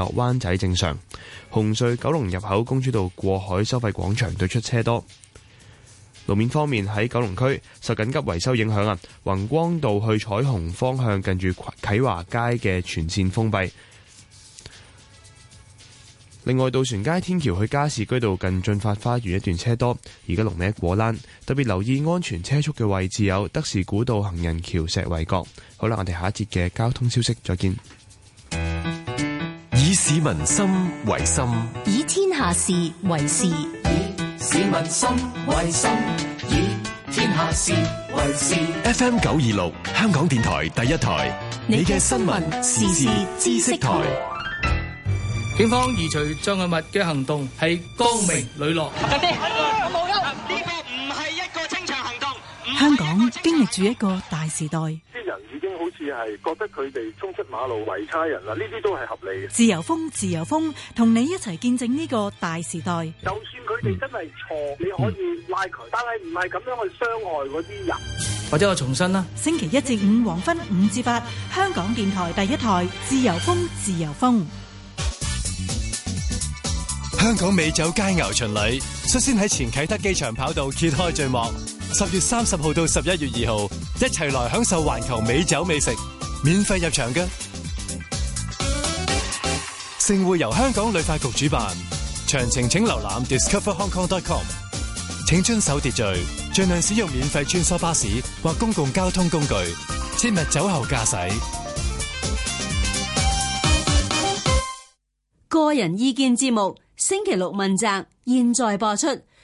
落灣仔正常，紅隧九龍入口公主道過海收費廣場對出車多。路面方面喺九龍區受緊急維修影響啊，宏光道去彩虹方向近住啓華街嘅全線封閉。另外，渡船街天橋去加士居道近駿發花園一段車多，而家龍尾果欄。特別留意安全車速嘅位置有德士古道行人橋石圍角。好啦，我哋下一節嘅交通消息，再見。以市民心為心，以天下事為事。以市民心為心，以天下事為事。F M 九二六，香港電台第一台，你嘅新聞時事知識台。警方移除障礙物嘅行動係光明磊落。阿爹，我冇休，呢個唔係一個清場行動。香港經歷住一個大時代。已經好似係覺得佢哋衝出馬路圍差人啦，呢啲都係合理嘅。自由風，自由風，同你一齊見證呢個大時代。就算佢哋真係錯，你可以拉佢，但係唔係咁樣去傷害嗰啲人。嗯、或者我重申啦。星期一至五黃昏五至八，香港電台第一台自由風，自由風。香港美酒佳餚巡禮，率先喺前啟德機場跑道揭開序幕。十月三十號到十一月二號，一齊來享受環球美酒美食，免費入場嘅。盛會由香港旅發局主辦，詳情請瀏覽 discoverhongkong.com，請遵守秩序，盡量使用免費穿梭巴士或公共交通工具，切勿酒後駕駛。個人意見節目，星期六問責，現在播出。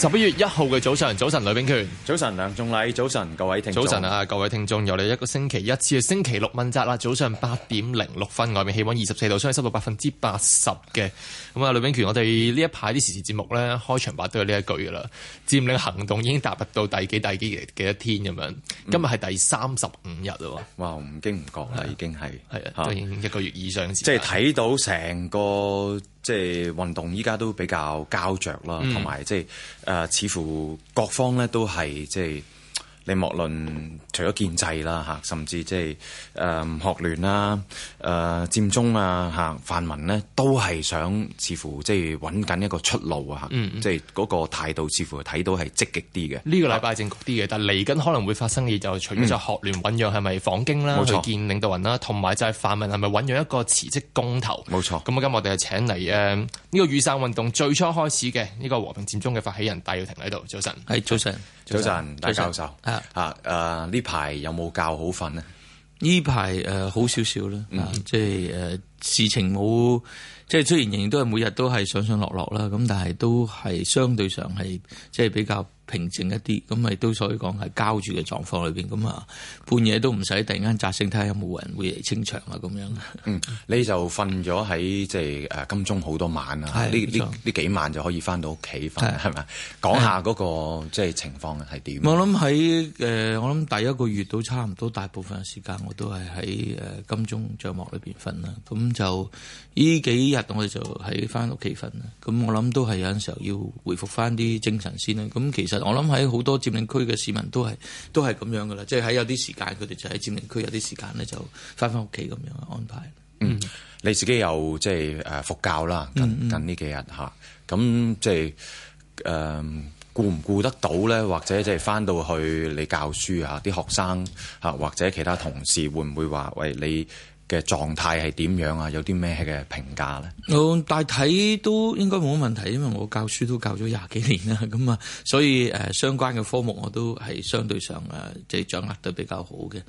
十一月一號嘅早上，早晨呂秉權，早晨梁仲禮，早晨各位聽眾，早晨啊各位聽眾，又嚟一個星期一次嘅星期六問責啦。早上八點零六分，外面氣溫二十四度，相對濕度百分之八十嘅。咁啊，呂秉權，我哋呢一排啲時事節目咧，開場白都有呢一句噶啦，佔領行動已經踏入到第幾第幾幾多天咁樣，今日係第三十五日咯。哇，唔經唔覺啊，已經係係啊，一個月以上時間，即係睇到成個。即係運動，依家都比較膠着啦，同埋即係誒，似乎各方咧都係即係。即係你莫論除咗建制啦嚇，甚至即係誒學聯啦、誒、呃、佔中啊嚇、泛民呢，都係想似乎即係揾緊一個出路啊嚇，嗯、即係嗰個態度似乎睇到係積極啲嘅。呢個禮拜正局啲嘅，但係嚟緊可能會發生嘅就係，除咗就學聯醖釀係咪訪京啦、嗯、去見領導人啦，同埋就係泛民係咪醖釀一個辭職公投？冇錯。咁啊，今日我哋就請嚟誒呢個雨傘運動最初開始嘅呢、呢個和平佔中嘅發起人戴耀廷喺度。早晨。係早晨。早晨，戴教授啊啊！呢排有冇教好瞓咧？呢排誒，好少少啦，即係誒，事情冇，即係雖然仍然都係每日都係上上落落啦，咁但係都係相對上係即係比較。平靜一啲，咁咪都所以講係膠住嘅狀況裏邊，咁啊半夜都唔使突然間扎醒，睇下有冇人會嚟清場啊咁樣。嗯，你就瞓咗喺即係誒金鐘好多晚啊。呢呢呢幾晚就可以返到屋企瞓係咪？講下嗰、嗰個即係係、啊、情況係點？我諗喺誒，我諗第一個月都差唔多大部分時間我都係喺誒金鐘帳幕裏邊瞓啦。咁就呢幾日我哋就喺返屋企瞓啦。咁我諗都係有陣時候要回復返啲精神先啦。咁其實～我諗喺好多佔領區嘅市民都係都係咁樣噶啦，即係喺有啲時間佢哋就喺佔領區，有啲時間咧就翻翻屋企咁樣安排。嗯，嗯你自己又即係誒服教啦，近近呢幾日吓，咁即係誒顧唔顧得到咧？或者即係翻到去你教書吓，啲、啊、學生吓，啊，或者其他同事會唔會話喂你？嘅狀態係點樣啊？有啲咩嘅評價咧？哦，大體都應該冇乜問題，因為我教書都教咗廿幾年啦，咁啊，所以誒、呃、相關嘅科目我都係相對上誒即係掌握得比較好嘅。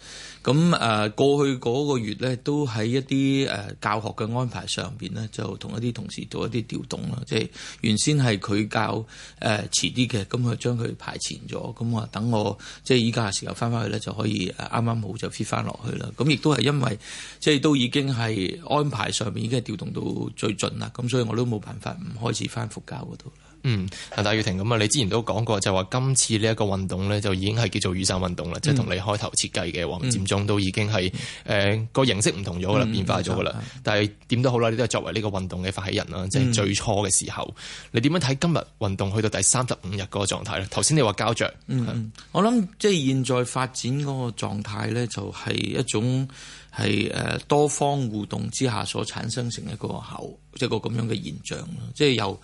咁誒、呃、過去嗰個月咧，都喺一啲誒、呃、教學嘅安排上邊呢，就同一啲同事做一啲調動啦，即係原先係佢教誒、呃、遲啲嘅，咁我將佢排前咗，咁啊，等我即係依家嘅時候翻翻去咧，就可以誒啱啱好就 fit 翻落去啦。咁亦都係因為即係我都已經係安排上面，已經係調動到最盡啦。咁所以我都冇辦法唔開始翻復教度啦。嗯，阿戴耀廷，咁啊，你之前都講過，就話、是、今次呢一個運動咧，就已經係叫做雨傘運動啦，嗯、即係同你開頭設計嘅黃佔中都已經係誒個形式唔同咗噶啦，變化咗噶啦。嗯嗯嗯、但係點都好啦，你都係作為呢個運動嘅發起人啦，即、就、係、是、最初嘅時候，嗯、你點樣睇今日運動去到第三十五日嗰個狀態咧？頭先你話膠着，嗯、是我諗即係現在發展嗰個狀態咧，就係一種係誒多方互動之下所產生成一個口、就是，即係個咁樣嘅現象即係由。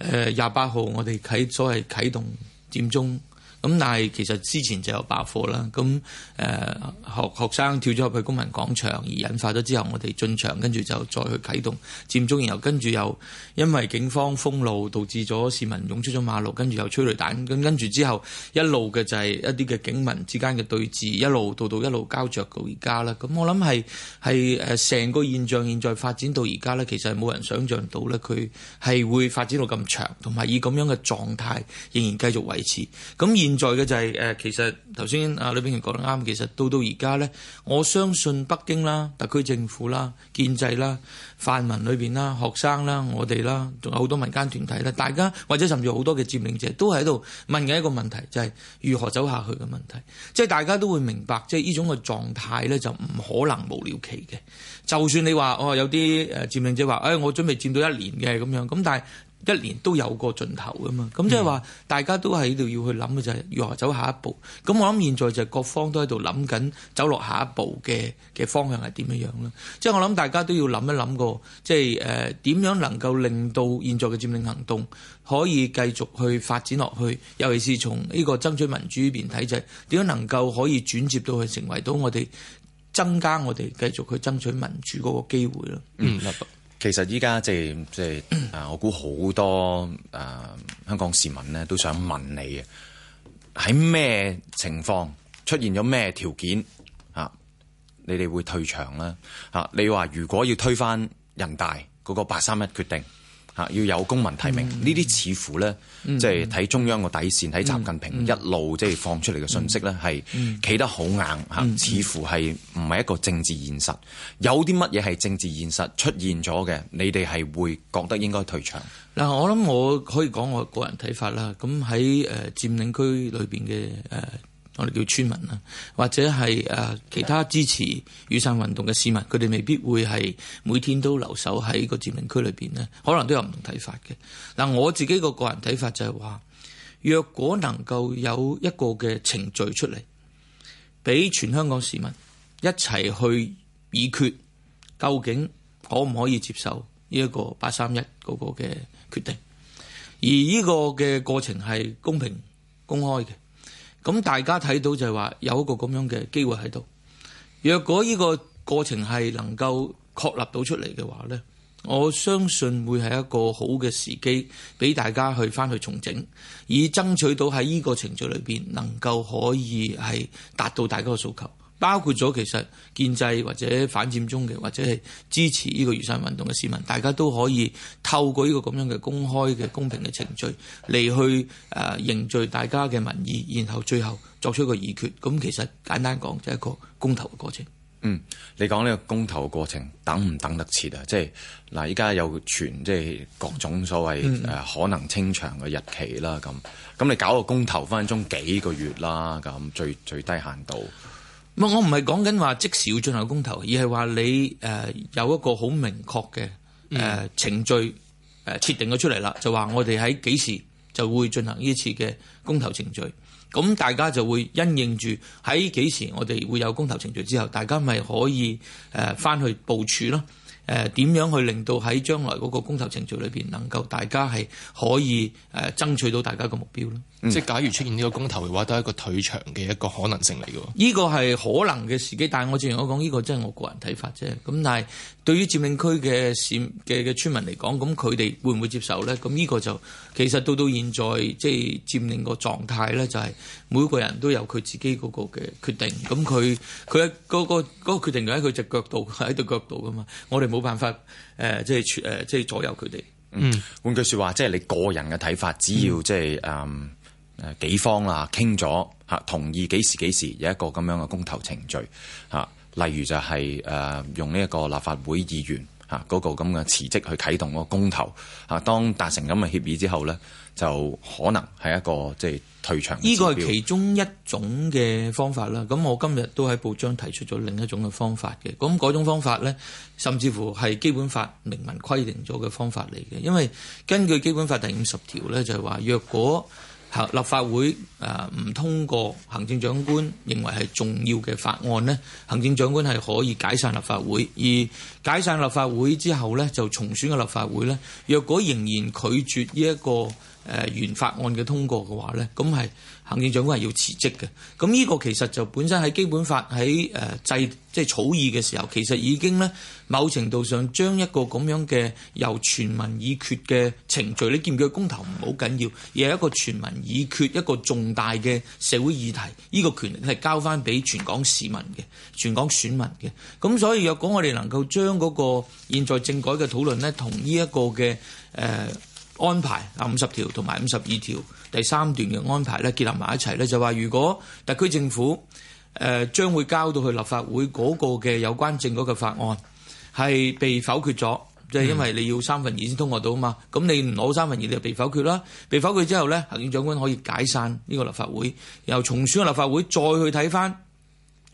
誒廿八號，我哋啟所謂啟動佔中。咁但係其實之前就有爆火啦，咁誒、呃、學學生跳咗入去公民廣場而引發咗之後我哋進場跟住就再去啟動佔中，然後跟住又因為警方封路導致咗市民湧出咗馬路，跟住又催淚彈，咁跟住之後一路嘅就係一啲嘅警民之間嘅對峙，一路到到一路交着到而家啦。咁我諗係係誒成個現象現在發展到而家咧，其實係冇人想象到咧，佢係會發展到咁長同埋以咁樣嘅狀態仍然繼續維持。咁而現在嘅就係誒，其實頭先啊呂秉權講得啱，其實到到而家咧，我相信北京啦、特區政府啦、建制啦、泛民裏邊啦、學生啦、我哋啦，仲有好多民間團體咧，大家或者甚至好多嘅佔領者都喺度問緊一個問題，就係如何走下去嘅問題。即係大家都會明白，即係呢種嘅狀態咧，就唔可能無了期嘅。就算你話哦有啲誒佔領者話，誒我準備佔到一年嘅咁樣，咁但係，一年都有個盡頭噶嘛，咁、嗯、即係話大家都喺度要去諗嘅就係、是、如何走下一步？咁我諗現在就各方都喺度諗緊走落下一步嘅嘅方向係點樣樣啦。即係我諗大家都要諗一諗個，即係誒點樣能夠令到現在嘅佔領行動可以繼續去發展落去，尤其是從呢個爭取民主呢邊睇，就係，點樣能夠可以轉接到去成為到我哋增加我哋繼續去爭取民主嗰個機會啦。嗯其實而家即係即係啊，我估好多啊、呃、香港市民咧都想問你嘅，喺咩情況出現咗咩條件啊？你哋會退場啦啊！你話如果要推翻人大嗰個八三一決定？嚇要有公民提名，呢啲，嗯、似乎咧，即係睇中央個底線，睇習、嗯、近平一路即係放出嚟嘅信息咧，係企、嗯、得好硬吓，嗯，似乎係唔係一個政治現實，嗯、有啲乜嘢係政治現實出現咗嘅？你哋係會覺得應該退場？嗱、嗯，我諗我可以講我個人睇法啦。咁喺誒佔領區裏邊嘅誒。呃我哋叫村民啊，或者係誒其他支持雨傘運動嘅市民，佢哋未必會係每天都留守喺個佔領區裏邊咧，可能都有唔同睇法嘅。嗱，我自己個個人睇法就係話，若果能夠有一個嘅程序出嚟，俾全香港市民一齊去議決究竟可唔可以接受呢一個八三一嗰個嘅決定，而呢個嘅過程係公平公開嘅。咁大家睇到就係話有一個咁樣嘅機會喺度，若果呢個過程係能夠確立到出嚟嘅話咧，我相信會係一個好嘅時機俾大家去翻去重整，以爭取到喺呢個程序裏邊能夠可以係達到大家嘅訴求。包括咗其實建制或者反佔中嘅，或者係支持呢個雨傘運動嘅市民，大家都可以透過呢個咁樣嘅公開嘅公平嘅程序嚟去誒凝聚大家嘅民意，然後最後作出一個議決。咁其實簡單講，就係一個公投嘅過程。嗯，你講呢個公投嘅過程等唔等得切啊、嗯？即係嗱，依家有傳即係各種所謂誒可能清場嘅日期啦。咁咁、嗯、你搞個公投分分鐘幾個月啦。咁最最低限度。我唔係講緊話即時要進行公投，而係話你誒有一個好明確嘅誒程序誒設定咗出嚟啦，嗯、就話我哋喺幾時就會進行呢次嘅公投程序，咁大家就會因應住喺幾時我哋會有公投程序之後，大家咪可以誒翻去部署咯，誒點樣去令到喺將來嗰個公投程序裏邊能夠大家係可以誒爭取到大家嘅目標咯。嗯、即係假如出現呢個公投嘅話，都係一個退場嘅一個可能性嚟嘅。呢個係可能嘅時機，但係我正如我講，呢個真係我個人睇法啫。咁但係對於佔領區嘅市嘅嘅村民嚟講，咁佢哋會唔會接受呢？咁呢個就其實到到現在，即係佔領個狀態呢，就係每個人都有佢自己嗰個嘅決定。咁佢佢嗰個嗰個決定喺佢隻腳度，喺 度腳度㗎嘛。我哋冇辦法誒，即係誒，即係左右佢哋。嗯，換句説話，即係你個人嘅睇法，只要即係誒。嗯嗯誒幾方啦，傾咗嚇，同意幾時幾時有一個咁樣嘅公投程序嚇。例如就係、是、誒、呃、用呢一個立法會議員嚇嗰個咁嘅辭職去啟動嗰個公投嚇。當達成咁嘅協議之後呢，就可能係一個即係、就是、退場。依個係其中一種嘅方法啦。咁我今日都喺報章提出咗另一種嘅方法嘅。咁嗰種方法呢，甚至乎係基本法明文規定咗嘅方法嚟嘅，因為根據基本法第五十條呢，就係話若果立法會誒唔通過行政長官認為係重要嘅法案咧，行政長官係可以解散立法會，而解散立法會之後咧，就重選嘅立法會咧，若果仍然拒絕呢、這、一個。誒、呃、原法案嘅通過嘅話呢，咁係行政長官係要辭職嘅。咁呢個其實就本身喺基本法喺誒、呃、制即係草擬嘅時候，其實已經呢某程度上將一個咁樣嘅由全民議決嘅程序，你見唔見公投唔好緊要，而係一個全民議決一個重大嘅社會議題，呢、這個權力係交翻俾全港市民嘅、全港選民嘅。咁所以若果我哋能夠將嗰個現在政改嘅討論呢，同呢一個嘅誒。呃安排啊，五十條同埋五十二條第三段嘅安排咧，結合埋一齊咧，就話如果特區政府誒、呃、將會交到去立法會嗰個嘅有關政嗰個法案係被否決咗，即、就、係、是、因為你要三分二先通過到嘛，咁、嗯、你唔攞三分二你就被否決啦。被否決之後咧，行政長官可以解散呢個立法會，然後重選嘅立法會再去睇翻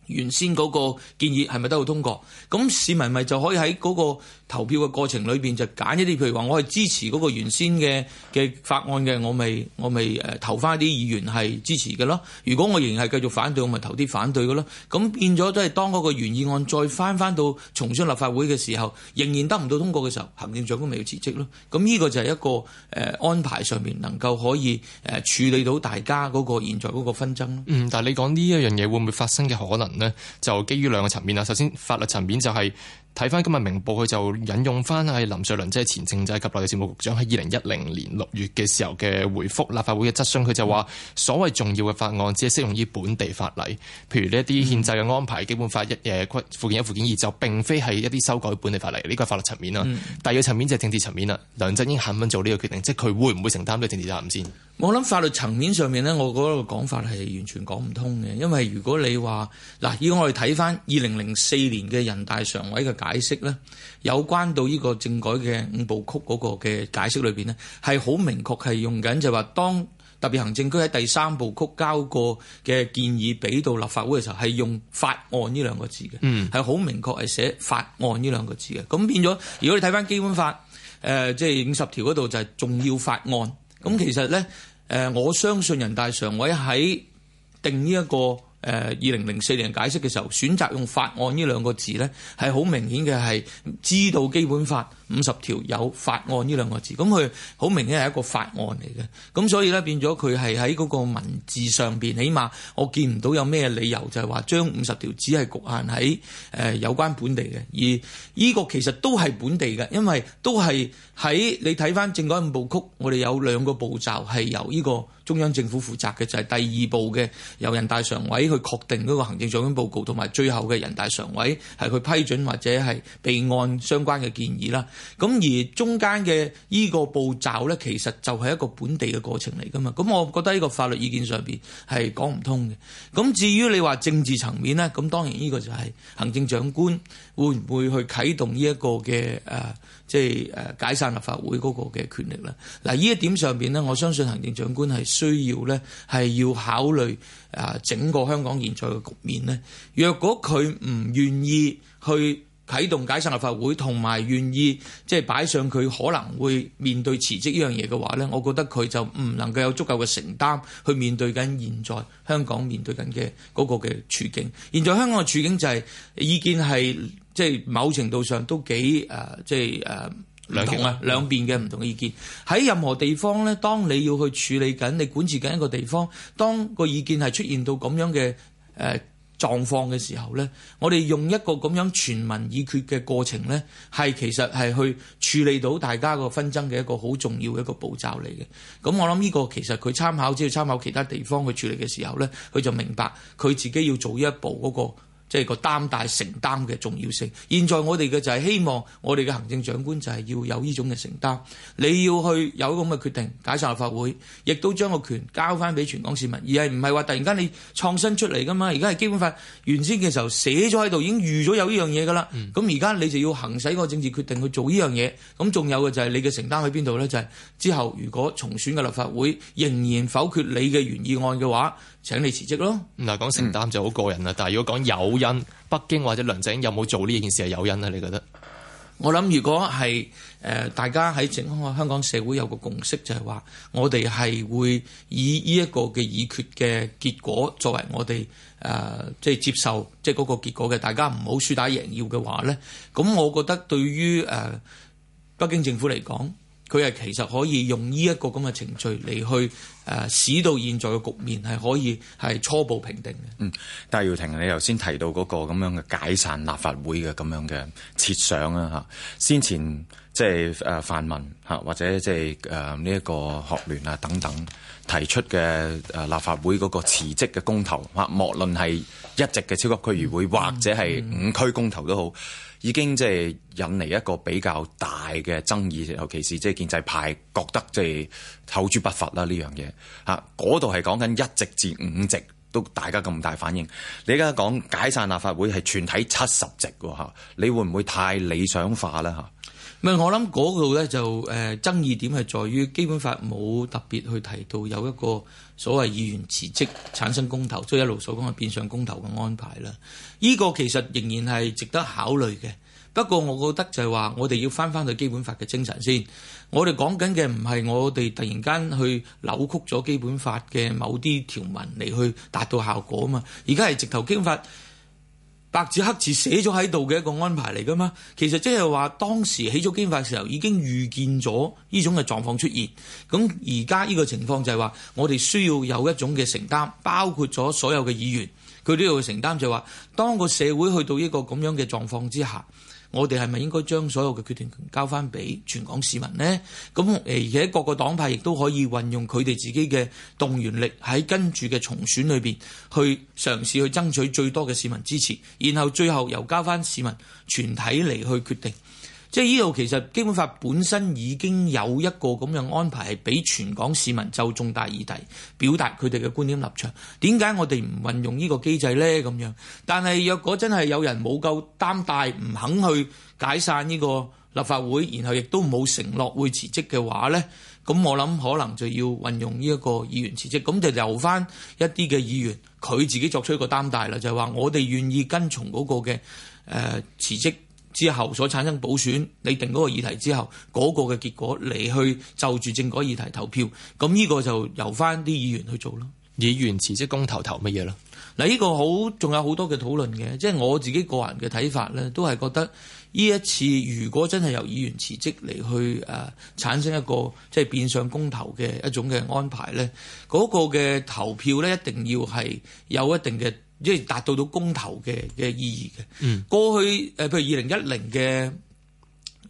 原先嗰個建議係咪得到通過，咁市民咪就可以喺嗰、那個。投票嘅過程裏邊就揀一啲，譬如話我係支持嗰個原先嘅嘅法案嘅，我咪我咪誒投返啲議員係支持嘅咯。如果我仍然係繼續反對，我咪投啲反對嘅咯。咁變咗都係當嗰個原議案再返返到重新立法會嘅時候，仍然得唔到通過嘅時候，行政長官咪要辭職咯。咁呢個就係一個誒、呃、安排上面能夠可以誒處理到大家嗰個現在嗰個紛爭咯。嗯，但係你講呢一樣嘢會唔會發生嘅可能呢？就基於兩個層面啊。首先法律層面就係、是。睇翻今日明報，佢就引用翻係林瑞麟，即係前政制及內地事務局長喺二零一零年六月嘅時候嘅回覆立法會嘅質詢，佢就話所謂重要嘅法案只係適用於本地法例，譬如呢一啲憲制嘅安排、基本法一誒規附件一、附件二，就並非係一啲修改本地法例呢個係法律層面啦。第二層面就係政治層面啦。梁振英肯唔肯做呢個決定，即係佢會唔會承擔呢個政治責任先？我諗，法律層面上面咧，我嗰個講法係完全講唔通嘅，因為如果你話嗱，要我哋睇翻二零零四年嘅人大常委嘅解釋咧，有關到呢個政改嘅五部曲嗰個嘅解釋裏邊呢，係好明確係用緊就話、係，當特別行政區喺第三部曲交過嘅建議俾到立法會嘅時候，係用法案呢兩個字嘅，係好、嗯、明確係寫法案呢兩個字嘅。咁變咗，如果你睇翻基本法誒、呃，即係五十條嗰度就係重要法案。咁其實咧，誒我相信人大常委喺定呢一個誒二零零四年解釋嘅時候，選擇用法案呢兩個字咧，係好明顯嘅係知道基本法五十條有法案呢兩個字，咁佢好明顯係一個法案嚟嘅，咁所以呢，變咗佢係喺嗰個文字上邊，起碼我見唔到有咩理由就係話將五十條只係局限喺誒、呃、有關本地嘅，而呢個其實都係本地嘅，因為都係喺你睇翻政改五步曲，我哋有兩個步驟係由呢個中央政府負責嘅，就係、是、第二步嘅由人大常委去確定嗰個行政長官報告，同埋最後嘅人大常委係佢批准或者係備案相關嘅建議啦。咁而中間嘅呢個步驟呢，其實就係一個本地嘅過程嚟㗎嘛。咁我覺得呢個法律意見上邊係講唔通嘅。咁至於你話政治層面呢，咁當然呢個就係行政長官會唔會去啟動呢一個嘅誒、啊，即係誒解散立法會嗰個嘅權力呢。嗱呢一點上邊呢，我相信行政長官係需要呢，係要考慮誒整個香港現在嘅局面呢。若果佢唔願意去啟動解散立法會同埋願意即係擺上佢可能會面對辭職呢樣嘢嘅話咧，我覺得佢就唔能夠有足夠嘅承擔去面對緊現在香港面對緊嘅嗰個嘅處境。現在香港嘅處境就係、是、意見，係即係某程度上都幾誒、呃，即係誒兩同啊兩邊嘅唔同嘅意見。喺任何地方咧，當你要去處理緊，你管治緊一個地方，當個意見係出現到咁樣嘅誒。呃狀況嘅時候呢，我哋用一個咁樣全民議決嘅過程呢，係其實係去處理到大家個紛爭嘅一個好重要嘅一個步驟嚟嘅。咁我諗呢個其實佢參考，只要參考其他地方去處理嘅時候呢，佢就明白佢自己要做呢一步嗰、嗰個。即係個擔大承擔嘅重要性。現在我哋嘅就係希望我哋嘅行政長官就係要有呢種嘅承擔。你要去有咁嘅決定解散立法會，亦都將個權交翻俾全港市民，而係唔係話突然間你創新出嚟㗎嘛？而家係基本法原先嘅時候寫咗喺度，已經預咗有呢樣嘢㗎啦。咁而家你就要行使個政治決定去做呢樣嘢。咁仲有嘅就係你嘅承擔喺邊度咧？就係之後如果重選嘅立法會仍然否決你嘅原議案嘅話。請你辭職咯！嗱、嗯，講承擔就好個人啦。但係如果講誘因，北京或者梁振英有冇做呢件事係誘因啊？你覺得？我諗如果係誒，大家喺整個香港社會有個共識，就係話我哋係會以呢一個嘅議決嘅結果作為我哋誒即係接受即係嗰個結果嘅，大家唔好輸打贏要嘅話咧，咁我覺得對於誒、呃、北京政府嚟講。佢係其實可以用呢一個咁嘅程序嚟去誒使到現在嘅局面係可以係初步評定嘅。嗯，戴耀廷，你頭先提到嗰個咁樣嘅解散立法會嘅咁樣嘅設想啊嚇，先前即係誒泛民嚇或者即係誒呢一個學聯啊等等提出嘅誒立法會嗰個辭職嘅公投嚇，莫論係一席嘅超級區議會或者係五區公投都好。嗯嗯已經即係引嚟一個比較大嘅爭議，尤其是即係建制派覺得即係口誅筆伐啦呢樣嘢嚇，嗰度係講緊一席至五席都大家咁大反應。你而家講解散立法會係全體七十席嚇，你會唔會太理想化咧嚇？咪、嗯、我諗嗰度咧就誒、呃、爭議點係在於基本法冇特別去提到有一個。所謂議員辭職產生公投，即係一路所講嘅變相公投嘅安排啦。呢個其實仍然係值得考慮嘅。不過我覺得就係話，我哋要翻翻去基本法嘅精神先。我哋講緊嘅唔係我哋突然間去扭曲咗基本法嘅某啲條文嚟去達到效果啊嘛。而家係直頭經法。白紙黑字寫咗喺度嘅一個安排嚟噶嘛？其實即係話當時起咗經法嘅時候已經預見咗呢種嘅狀況出現。咁而家呢個情況就係話，我哋需要有一種嘅承擔，包括咗所有嘅議員，佢都要承擔就，就係話當個社會去到一個咁樣嘅狀況之下。我哋係咪應該將所有嘅決定權交翻俾全港市民呢？咁，而且各個黨派亦都可以運用佢哋自己嘅動員力，喺跟住嘅重選裏邊去嘗試去爭取最多嘅市民支持，然後最後由交翻市民全體嚟去決定。即係呢度其實基本法本身已經有一個咁樣安排，係俾全港市民就重大議題表達佢哋嘅觀點立場。點解我哋唔運用呢個機制呢？咁樣。但係若果真係有人冇夠擔帶，唔肯去解散呢個立法會，然後亦都冇承諾會辭職嘅話呢，咁我諗可能就要運用呢一個議員辭職，咁就留翻一啲嘅議員，佢自己作出一個擔帶啦，就係話我哋願意跟從嗰個嘅誒辭職。呃之後所產生補選，你定嗰個議題之後，嗰、那個嘅結果，你去就住正嗰個議題投票，咁呢個就由返啲議員去做咯。議員辭職公投投乜嘢啦？嗱，呢個好，仲有好多嘅討論嘅，即係我自己個人嘅睇法呢，都係覺得呢一次如果真係由議員辭職嚟去誒、啊、產生一個即係變相公投嘅一種嘅安排呢，嗰、那個嘅投票呢，一定要係有一定嘅。即係達到到公投嘅嘅意義嘅，嗯、過去誒譬如二零一零嘅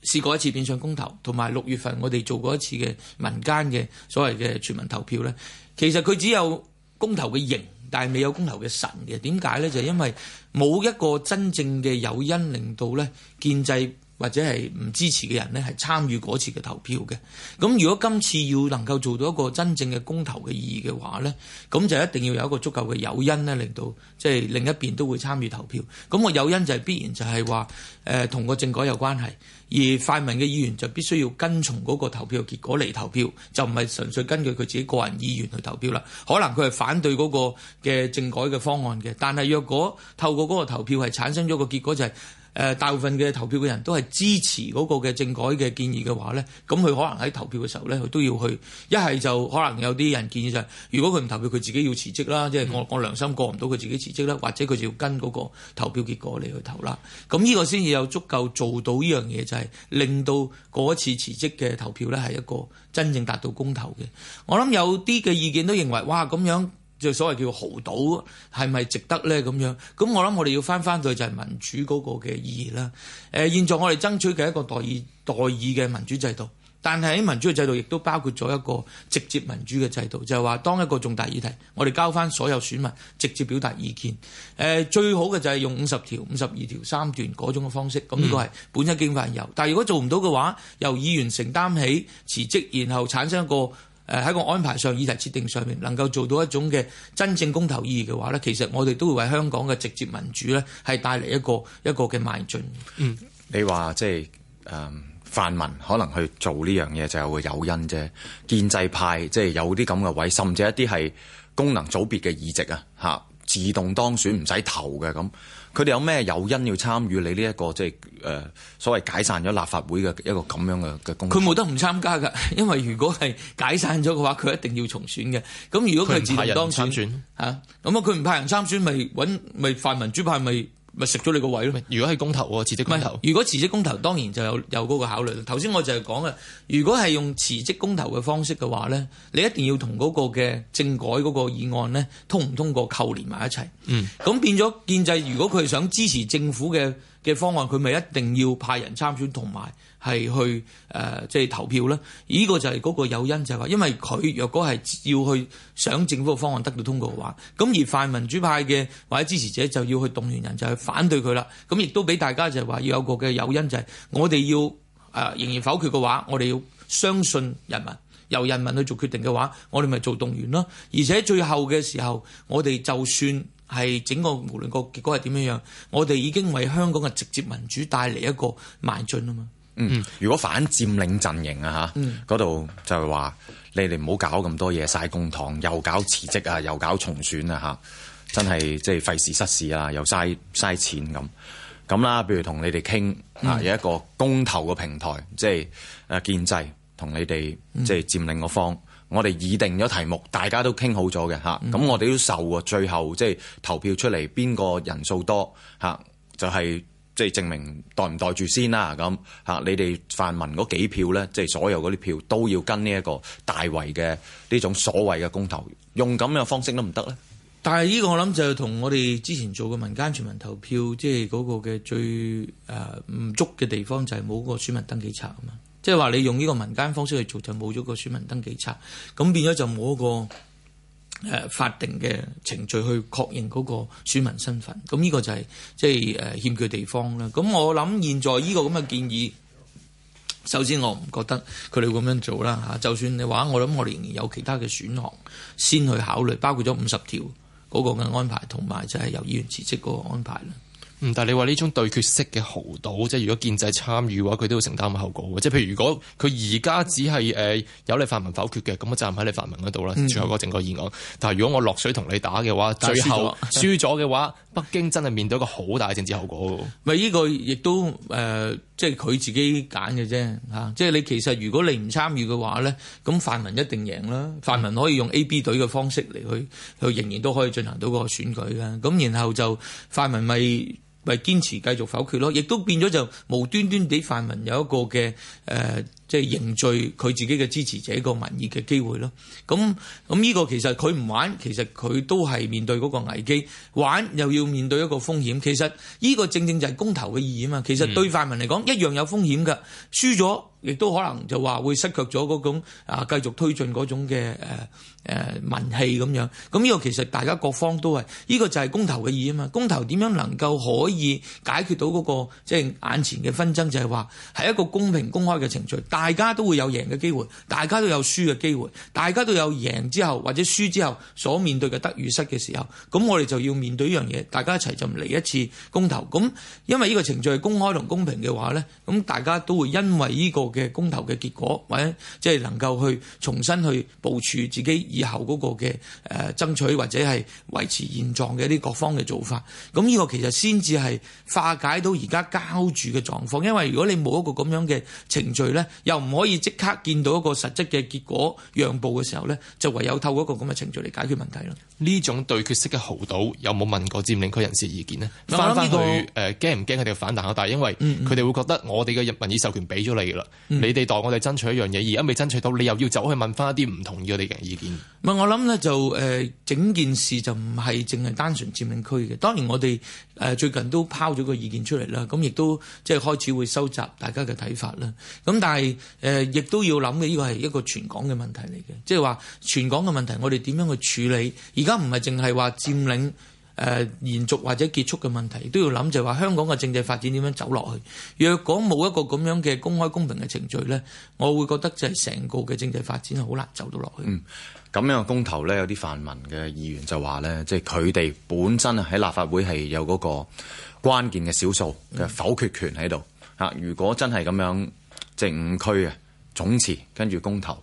試過一次變相公投，同埋六月份我哋做過一次嘅民間嘅所謂嘅全民投票咧，其實佢只有公投嘅形，但係未有公投嘅神嘅。點解咧？就係、是、因為冇一個真正嘅誘因令到咧建制。或者係唔支持嘅人呢，係參與嗰次嘅投票嘅。咁如果今次要能夠做到一個真正嘅公投嘅意義嘅話呢，咁就一定要有一個足夠嘅誘因呢，令到即係另一邊都會參與投票。咁個誘因就係必然就係話誒同個政改有關係，而泛民嘅議員就必須要跟從嗰個投票結果嚟投票，就唔係純粹根據佢自己個人意願去投票啦。可能佢係反對嗰個嘅政改嘅方案嘅，但係若果透過嗰個投票係產生咗個結果就係、是。誒大部分嘅投票嘅人都係支持嗰個嘅政改嘅建議嘅話咧，咁佢可能喺投票嘅時候咧，佢都要去一係就可能有啲人建議就係，如果佢唔投票，佢自己要辭職啦，即係我我良心過唔到，佢自己辭職啦，或者佢就要跟嗰個投票結果嚟去投啦。咁呢個先至有足夠做到呢樣嘢，就係令到嗰次辭職嘅投票咧係一個真正達到公投嘅。我諗有啲嘅意見都認為，哇咁樣。就所謂叫豪賭係咪值得呢？咁樣？咁我諗我哋要翻翻去就係民主嗰個嘅意義啦。誒、呃，現在我哋爭取嘅一個代議代議嘅民主制度，但係喺民主嘅制度亦都包括咗一個直接民主嘅制度，就係、是、話當一個重大議題，我哋交翻所有選民直接表達意見。誒、呃，最好嘅就係用五十條、五十二條三段嗰種嘅方式。咁呢個係本身經犯由。但係如果做唔到嘅話，由議員承擔起辭職，然後產生一個。誒喺個安排上、議題設定上面能夠做到一種嘅真正公投意義嘅話咧，其實我哋都會為香港嘅直接民主咧係帶嚟一個一個嘅邁進。嗯，你話即係誒、呃、泛民可能去做呢樣嘢就有個誘因啫，建制派即係有啲咁嘅位，甚至一啲係功能組別嘅議席啊嚇自動當選唔使投嘅咁。佢哋有咩誘因要參與你呢、這、一個即係誒所謂解散咗立法會嘅一個咁樣嘅嘅工作？佢冇得唔參加㗎，因為如果係解散咗嘅話，佢一定要重選嘅。咁如果佢係自動當選嚇，咁啊佢唔派人參選，咪揾咪泛民主派咪？咪食咗你個位咯！咪如果係公投喎，辭職公投。如果辭職公投，當然就有有嗰個考慮。頭先我就係講啊，如果係用辭職公投嘅方式嘅話咧，你一定要同嗰個嘅政改嗰個議案咧通唔通過扣連埋一齊。嗯。咁變咗建制，如果佢係想支持政府嘅嘅方案，佢咪一定要派人參選同埋。係去誒，即、呃、係、就是、投票啦。呢、這個就係嗰個誘因，就係話，因為佢若果係要去想政府嘅方案得到通過嘅話，咁而泛民主派嘅或者支持者就要去動員人，就係、是、去反對佢啦。咁亦都俾大家就係話要有個嘅誘因，就係、是、我哋要誒、呃、仍然否決嘅話，我哋要相信人民，由人民去做決定嘅話，我哋咪做動員咯。而且最後嘅時候，我哋就算係整個無論個結果係點樣樣，我哋已經為香港嘅直接民主帶嚟一個邁進吖嘛。嗯，如果反佔領陣營啊嚇，嗰度、嗯、就係話你哋唔好搞咁多嘢晒公堂又搞辭職啊，又搞重選啊嚇、啊，真係即係費事失事啊，又嘥嘥錢咁、啊。咁啦，譬如同你哋傾啊，有一個公投嘅平台，嗯、即係誒建制同你哋即係佔領嘅方，嗯、我哋擬定咗題目，大家都傾好咗嘅嚇。咁我哋都受啊，啊嗯嗯、受最後即係、就係、投票出嚟邊個人數多嚇、啊，就係、係。即係證明代唔代住先啦咁嚇，你哋泛民嗰幾票咧，即係所有嗰啲票都要跟呢一個大圍嘅呢種所謂嘅公投用咁樣方式都唔得咧。但係呢個我諗就係同我哋之前做嘅民間全民投票，即係嗰個嘅最誒、呃、唔足嘅地方就係冇個選民登記冊啊嘛，即係話你用呢個民間方式去做就冇咗個選民登記冊，咁變咗就冇一個。誒、呃、法定嘅程序去確認嗰個選民身份，咁呢個就係即係誒欠缺地方啦。咁我諗現在依個咁嘅建議，首先我唔覺得佢哋會咁樣做啦嚇、啊。就算你話，我諗我仍然有其他嘅選項先去考慮，包括咗五十條嗰個嘅安排，同埋就係由議員辭職嗰個安排啦。嗯，但係你話呢種對決式嘅豪賭，即係如果建制參與嘅話，佢都要承擔後果嘅。即係譬如如果佢而家只係誒由你泛民否決嘅，咁我責任喺你泛民嗰度啦，嗯、最後嗰整個議案。但係如果我落水同你打嘅話，最後輸咗嘅話，嗯、北京真係面對一個好大嘅政治後果喎。咪呢、呢個亦都誒。呃即係佢自己揀嘅啫吓，即係你其實如果你唔參與嘅話咧，咁泛民一定贏啦。泛民可以用 A、B 隊嘅方式嚟，去，佢仍然都可以進行到個選舉啦。咁然後就泛民咪、就是。咪堅持繼續否決咯，亦都變咗就無端端畀泛民有一個嘅誒，即係凝聚佢自己嘅支持者一個民意嘅機會咯。咁咁呢個其實佢唔玩，其實佢都係面對嗰個危機；玩又要面對一個風險。其實呢個正正就係公投嘅意義嘛。其實對泛民嚟講一樣有風險嘅，輸咗亦都可能就話會失卻咗嗰種啊繼續推進嗰種嘅誒。呃誒、呃、文氣咁樣，咁、這、呢個其實大家各方都係，呢、這個就係公投嘅意義啊嘛。公投點樣能夠可以解決到嗰、那個即係、就是、眼前嘅紛爭，就係話係一個公平公開嘅程序，大家都會有贏嘅機會，大家都有輸嘅機會，大家都有贏之後或者輸之後所面對嘅得與失嘅時候，咁我哋就要面對呢樣嘢，大家一齊就嚟一次公投。咁因為呢個程序係公開同公平嘅話呢，咁大家都會因為呢個嘅公投嘅結果，或者即係能夠去重新去部署自己。以後嗰個嘅誒爭取或者係維持現狀嘅呢各方嘅做法，咁呢個其實先至係化解到而家膠住嘅狀況。因為如果你冇一個咁樣嘅程序咧，又唔可以即刻見到一個實質嘅結果讓步嘅時候咧，就唯有透過一個咁嘅程序嚟解決問題咯。呢種對決式嘅豪賭，有冇問過佔領區人士意見呢？翻返、這個、去誒驚唔驚佢哋反彈下？但係因為佢哋會覺得我哋嘅民意授權俾咗你啦，嗯嗯，你哋代我哋爭取一樣嘢，而家未爭取到，你又要走去問翻一啲唔同意我哋嘅意見。咪我諗咧就誒、呃、整件事就唔係淨係單純佔領區嘅，當然我哋誒、呃、最近都拋咗個意見出嚟啦，咁亦都即係開始會收集大家嘅睇法啦。咁但係誒亦都要諗嘅呢個係一個全港嘅問題嚟嘅，即係話全港嘅問題我哋點樣去處理？而家唔係淨係話佔領。誒、呃、延續或者結束嘅問題，都要諗就係話香港嘅政制發展點樣走落去。若果冇一個咁樣嘅公開公平嘅程序呢，我會覺得就係成個嘅政制發展好難走到落去。嗯，咁樣嘅公投呢，有啲泛民嘅議員就話呢，即係佢哋本身喺立法會係有嗰個關鍵嘅少數嘅否決權喺度嚇。如果真係咁樣即係五區嘅總辭跟住公投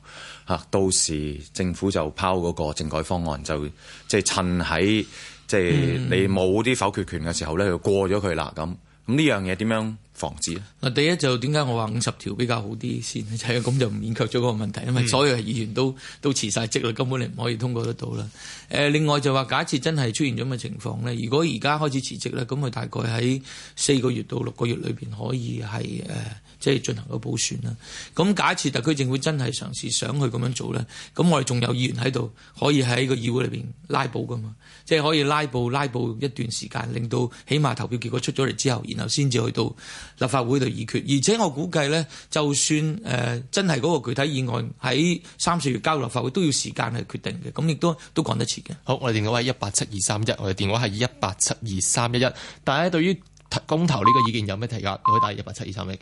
嚇，到時政府就拋嗰個政改方案就即係、就是、趁喺。即係、嗯、你冇啲否決權嘅時候咧，就過咗佢啦咁。咁呢樣嘢點樣防止咧？嗱，第一就點解我話五十條比較好啲先？係啊，咁就，是、就免卻咗個問題，嗯、因為所有議員都都辭晒職啦，根本你唔可以通過得到啦。誒，另外就話假設真係出現咗咁嘅情況咧，如果而家開始辭職咧，咁佢大概喺四個月到六個月裏邊可以係誒。呃即係進行個補選啦。咁假設特區政府真係嘗試想去咁樣做咧，咁我哋仲有議員喺度可以喺個議會裏邊拉布噶嘛？即係可以拉布拉布一段時間，令到起碼投票結果出咗嚟之後，然後先至去到立法會度議決。而且我估計咧，就算誒、呃、真係嗰個具體議案喺三四月交立法會，都要時間去決定嘅。咁亦都都趕得切嘅。好，我哋電話係一八七二三一，我哋電話係一八七二三一一。但係對於公投呢個意見有咩睇法你可以打一八七二三一嘅。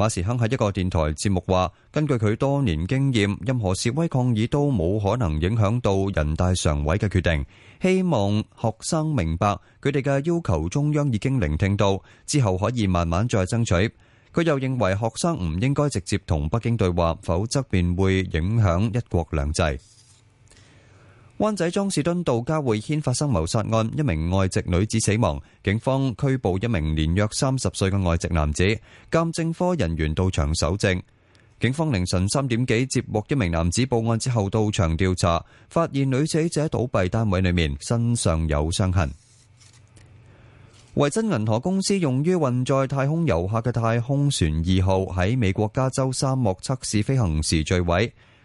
馬時亨喺一個電台節目話，根據佢多年經驗，任何示威抗議都冇可能影響到人大常委嘅決定。希望學生明白，佢哋嘅要求中央已經聆聽到，之後可以慢慢再爭取。佢又認為學生唔應該直接同北京對話，否則便會影響一國兩制。灣仔莊士敦道嘉會軒發生謀殺案，一名外籍女子死亡，警方拘捕一名年約三十歲嘅外籍男子，鑒證科人員到場搜證。警方凌晨三點幾接獲一名男子報案之後到場調查，發現女子喺倒斃單位裏面，身上有傷痕。維珍銀河公司用於運載太空遊客嘅太空船二號喺美國加州沙漠測試飛行時墜毀。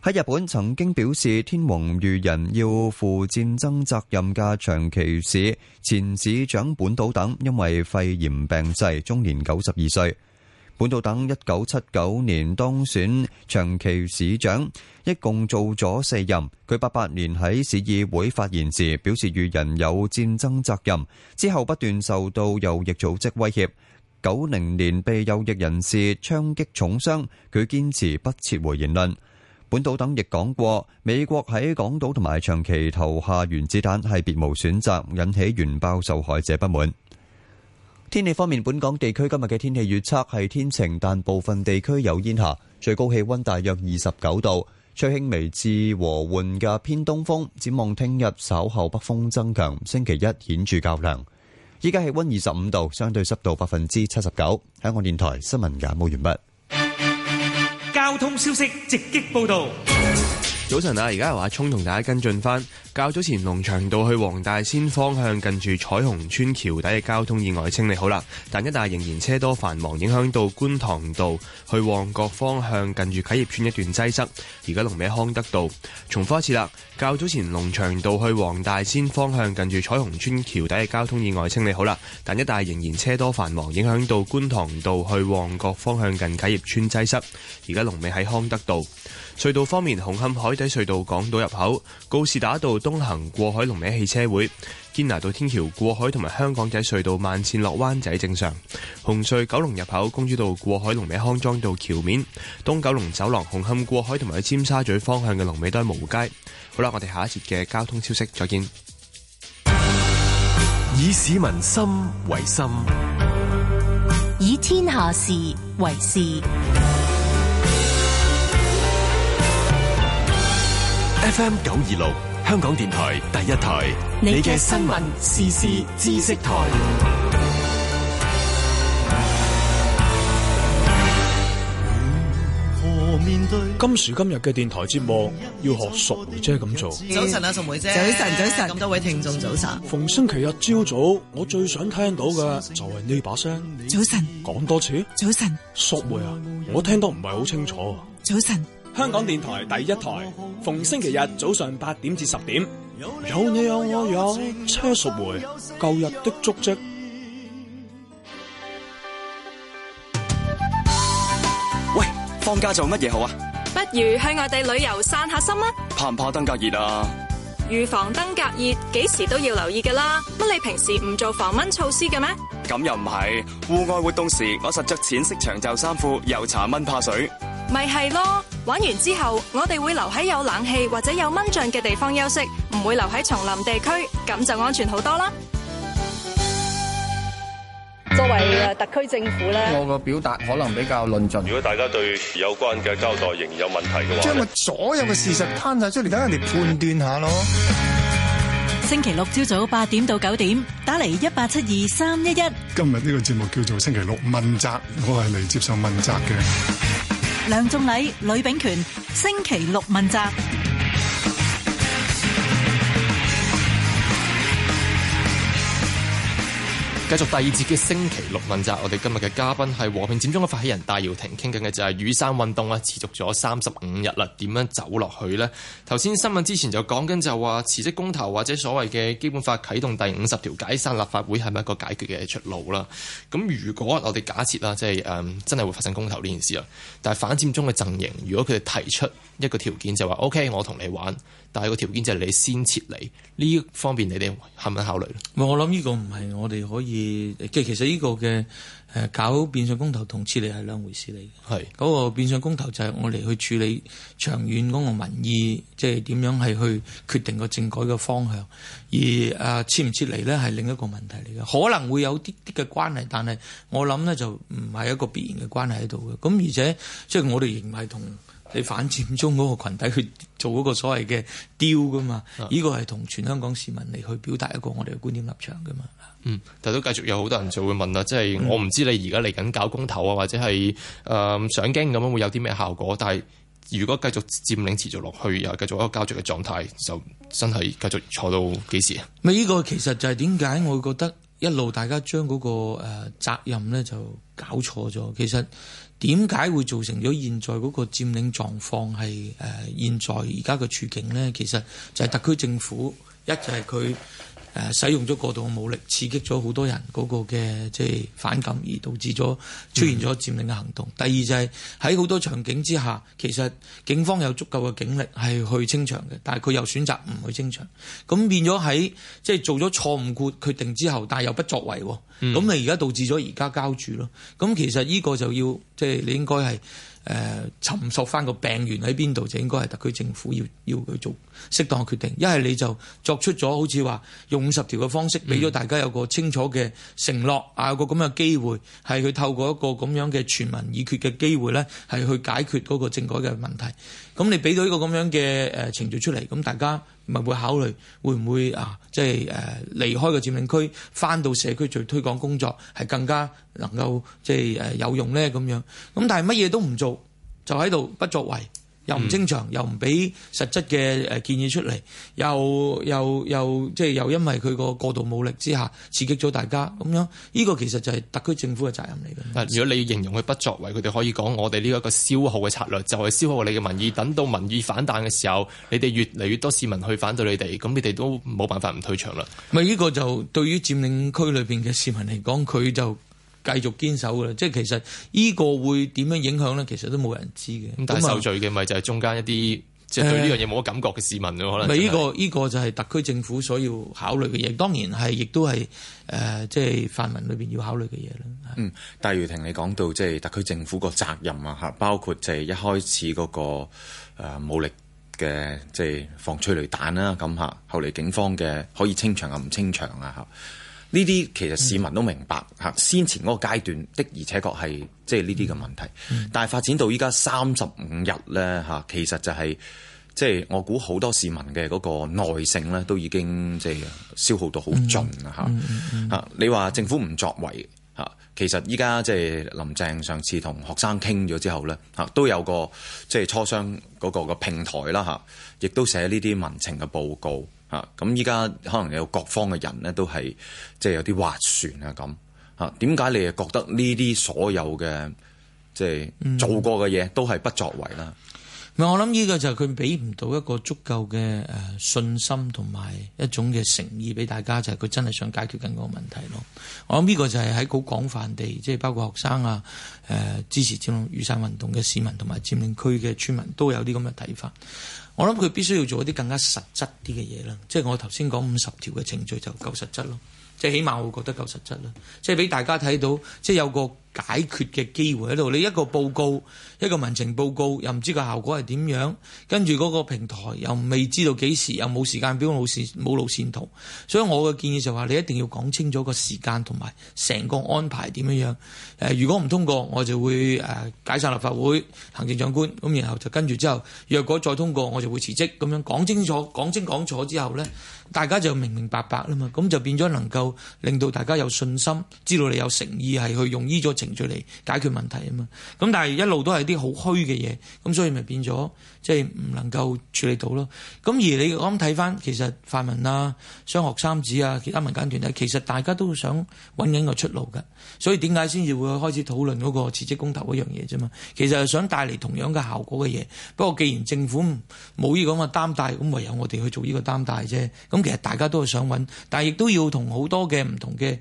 喺日本曾經表示天皇裕仁要負戰爭責任嘅長崎市前市長本島等，因為肺炎病逝，終年九十二歲。本島等一九七九年當選長崎市長，一共做咗四任。佢八八年喺市議會發言時表示裕仁有戰爭責任，之後不斷受到右翼組織威脅。九零年被右翼人士槍擊重傷，佢堅持不撤回言論。本島等亦講過，美國喺廣島同埋長崎投下原子彈係別無選擇，引起原爆受害者不滿。天氣方面，本港地區今日嘅天氣預測係天晴，但部分地區有煙霞，最高氣溫大約二十九度，吹輕微至和緩嘅偏東風。展望聽日，稍後北風增強，星期一顯著較涼。依家氣溫二十五度，相對濕度百分之七十九。香港電台新聞簡報完畢。通消息直擊報道。早晨啊，而家由阿聰同大家跟進翻。較早前龍翔道去黃大仙方向近住彩虹村橋底嘅交通意外清理好啦，但一帶仍然車多繁忙，影響到觀塘道去旺角方向近住啟業村一段擠塞。而家龍尾康德道。重複一次啦，較早前龍翔道去黃大仙方向近住彩虹村橋底嘅交通意外清理好啦，但一帶仍然車多繁忙，影響到觀塘道去旺角方向近啟業村擠塞。而家龍尾喺康德道。隧道方面，紅磡海底隧道港島入口告士打道。東行過海龍尾汽車會堅拿道天橋過海同埋香港仔隧道慢線落灣仔正常，紅隧九龍入口公主道過海龍尾康莊道橋面，東九龍走廊紅磡過海同埋尖沙咀方向嘅龍尾都無街。好啦，我哋下一節嘅交通消息再見。以市民心為心，以天下事為事。F M 九二六。香港電台第一台，你嘅新聞時事知識台。嗯、如何面對？今時今日嘅電台節目，要學淑梅姐咁做。早晨啊，淑梅姐。早晨，早晨，咁多位聽眾，早晨。逢星期日朝早，早，我最想聽到嘅就係呢把聲。早晨。講多次。早晨。淑梅啊，我聽得唔係好清楚。早晨。香港電台第一台，逢星期日早上八點至十點。有你有我有，有車淑梅。舊日的足跡。喂，放假做乜嘢好啊？不如去外地旅遊散下心怕怕啊！怕唔怕登革熱啊？預防登革熱，幾時都要留意噶啦。乜你平時唔做防蚊措施嘅咩？咁又唔係，戶外活動時我實着淺色長袖衫褲，又搽蚊怕水。咪係咯，玩完之後我哋會留喺有冷氣或者有蚊帳嘅地方休息，唔會留喺叢林地區，咁就安全好多啦。作為特區政府咧，我個表達可能比較論盡。如果大家對有關嘅交代仍然有問題嘅話，將個所有嘅事實攤晒出嚟，等人哋判斷下咯。星期六朝早八點到九點，打嚟一八七二三一一。今日呢個節目叫做星期六問責，我係嚟接受問責嘅。梁仲禮、呂秉權、星期六問責。繼續第二節嘅星期六問責，我哋今日嘅嘉賓係和平佔中嘅發起人戴耀廷傾緊嘅就係雨傘運動啊，持續咗三十五日啦，點樣走落去呢？頭先新聞之前就講緊就話辭職公投或者所謂嘅基本法啟動第五十條解散立法會係咪一個解決嘅出路啦？咁如果我哋假設啦，即係誒、嗯、真係會發生公投呢件事啦，但係反佔中嘅陣營，如果佢哋提出一個條件就話，OK，我同你玩。但係個條件就係你先撤離呢方面，你哋係咪考慮咧？我諗呢個唔係我哋可以，即係其實呢個嘅誒搞變相公投同撤離係兩回事嚟嘅。係嗰是個變相公投就係我哋去處理長遠嗰個民意，即係點樣係去決定個政改嘅方向。而誒撤唔撤離呢係另一個問題嚟嘅，可能會有啲啲嘅關係，但係我諗呢就唔係一個必然嘅關係喺度嘅。咁而且即係、就是、我哋仍係同。你反佔中嗰個羣體去做嗰個所謂嘅雕噶嘛？呢是的 個係同全香港市民嚟去表達一個我哋嘅觀點立場噶嘛？嗯，但都繼續有好多人就會問啦，是的 即係我唔知你而家嚟緊搞公投啊，或者係誒上京咁樣會有啲咩效果？但係如果繼續佔領持續落去，又係繼續一個膠着嘅狀態，就真係繼續坐到幾時啊？咪呢個其實就係點解我覺得一路大家將嗰個誒責任咧就搞錯咗，其實。點解會造成咗現在嗰個佔領狀況係誒現在而家嘅處境呢，其實就係特區政府，一就係佢誒使用咗過度嘅武力，刺激咗好多人嗰個嘅即係反感，而導致咗出現咗佔領嘅行動。嗯、第二就係喺好多場景之下，其實警方有足夠嘅警力係去清場嘅，但係佢又選擇唔去清場，咁變咗喺即係做咗錯誤嘅決定之後，但係又不作為，咁咪而家導致咗而家交住咯。咁其實呢個就要。即係你應該係誒尋索翻個病源喺邊度，就應該係特區政府要要去做適當嘅決定。一係你就作出咗好似話用五十條嘅方式，俾咗大家有個清楚嘅承諾啊，嗯、有個咁嘅機會係去透過一個咁樣嘅全民議決嘅機會咧，係去解決嗰個政改嘅問題。咁你俾到一個咁樣嘅誒程序出嚟，咁大家。咪會考慮會唔會啊，即係誒離開個佔領區，翻到社區做推廣工作，係更加能夠即係誒有用咧咁樣。咁但係乜嘢都唔做，就喺度不作為。又唔正常，又唔俾實質嘅誒建議出嚟，又又又即係、就是、又因為佢個過度武力之下刺激咗大家咁樣，呢、這個其實就係特區政府嘅責任嚟嘅。如果你形容佢不作為，佢哋可以講我哋呢一個消耗嘅策略就係、是、消耗你嘅民意，等到民意反彈嘅時候，你哋越嚟越多市民去反對你哋，咁你哋都冇辦法唔退場啦。咪呢個就對於佔領區裏邊嘅市民嚟講，佢就。繼續堅守噶啦，即係其實呢個會點樣影響咧？其實都冇人知嘅。咁受罪嘅咪就係中間一啲即係對呢樣嘢冇乜感覺嘅市民咯。可能咪呢、呃這個呢個就係特區政府所要考慮嘅嘢，當然係亦都係誒即係泛民裏邊要考慮嘅嘢啦。嗯，戴耀廷你講到即係特區政府個責任啊吓，包括就係一開始嗰、那個誒、呃、武力嘅即係放催淚彈啦，咁吓，後嚟警方嘅可以清場啊，唔清場啊吓。呢啲其實市民都明白嚇，嗯、先前嗰個階段的而且確係即係呢啲嘅問題，嗯、但係發展到依家三十五日咧嚇，其實就係即係我估好多市民嘅嗰個耐性咧，都已經即係消耗到好盡啊嚇！嚇你話政府唔作為嚇、啊，其實依家即係林鄭上次同學生傾咗之後咧嚇、啊，都有個即係、就是、初商嗰個個平台啦嚇，亦、啊、都寫呢啲民情嘅報告。嚇！咁依家可能有各方嘅人呢，都係即係有啲劃船啊咁嚇。點解你係覺得呢啲所有嘅即係做過嘅嘢都係不作為啦？唔、嗯、我諗呢個就係佢俾唔到一個足夠嘅誒信心同埋一種嘅誠意俾大家，就係、是、佢真係想解決緊個問題咯。我諗呢個就係喺好廣泛地，即係包括學生啊、誒支持佔領雨傘運動嘅市民同埋佔領區嘅村民都有啲咁嘅睇法。我諗佢必須要做一啲更加實質啲嘅嘢啦，即係我頭先講五十條嘅程序就夠實質咯。即係起碼我會覺得夠實質啦，即係俾大家睇到，即係有個解決嘅機會喺度。你一個報告，一個民情報告，又唔知個效果係點樣，跟住嗰個平台又未知道幾時，又冇時間表，冇線冇路線圖。所以我嘅建議就係話，你一定要講清楚個時間同埋成個安排點樣樣。誒、呃，如果唔通過，我就會誒、呃、解散立法會，行政長官咁，然後就跟住之後，若果再通過，我就會辭職咁樣講清楚，講清講楚之後呢。大家就明明白白啦嘛，咁就變咗能夠令到大家有信心，知道你有誠意係去用依種程序嚟解決問題啊嘛，咁但係一路都係啲好虛嘅嘢，咁所以咪變咗。即係唔能夠處理到咯，咁而你啱睇返，其實泛民啊、商學三子啊、其他民間團體，其實大家都想揾緊個出路㗎，所以點解先至會去開始討論嗰個辭職公投嗰樣嘢啫嘛？其實係想帶嚟同樣嘅效果嘅嘢。不過既然政府冇呢個咁嘅擔帶，咁唯有我哋去做呢個擔帶啫。咁其實大家都係想揾，但係亦都要同好多嘅唔同嘅。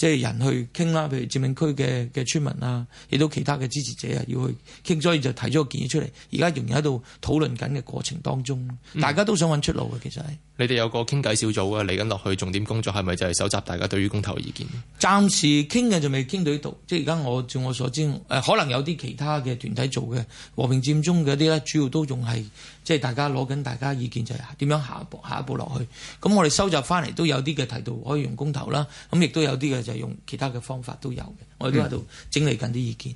即係人去傾啦，譬如佔領區嘅嘅村民啊，亦都其他嘅支持者啊，要去傾，所以就提咗個建議出嚟。而家仍然喺度討論緊嘅過程當中，大家都想搵出路嘅，其實係。你哋有個傾偈小組啊，嚟緊落去重點工作係咪就係搜集大家對於公投嘅意見？暫時傾嘅就未傾到呢度，即係而家我照我所知，誒可能有啲其他嘅團體做嘅和平佔中嘅啲咧，主要都仲係即係大家攞緊大家意見，就係點樣下一步下一步落去。咁我哋收集翻嚟都有啲嘅提到可以用公投啦，咁亦都有啲嘅就係用其他嘅方法都有嘅。我都喺度整理緊啲意見。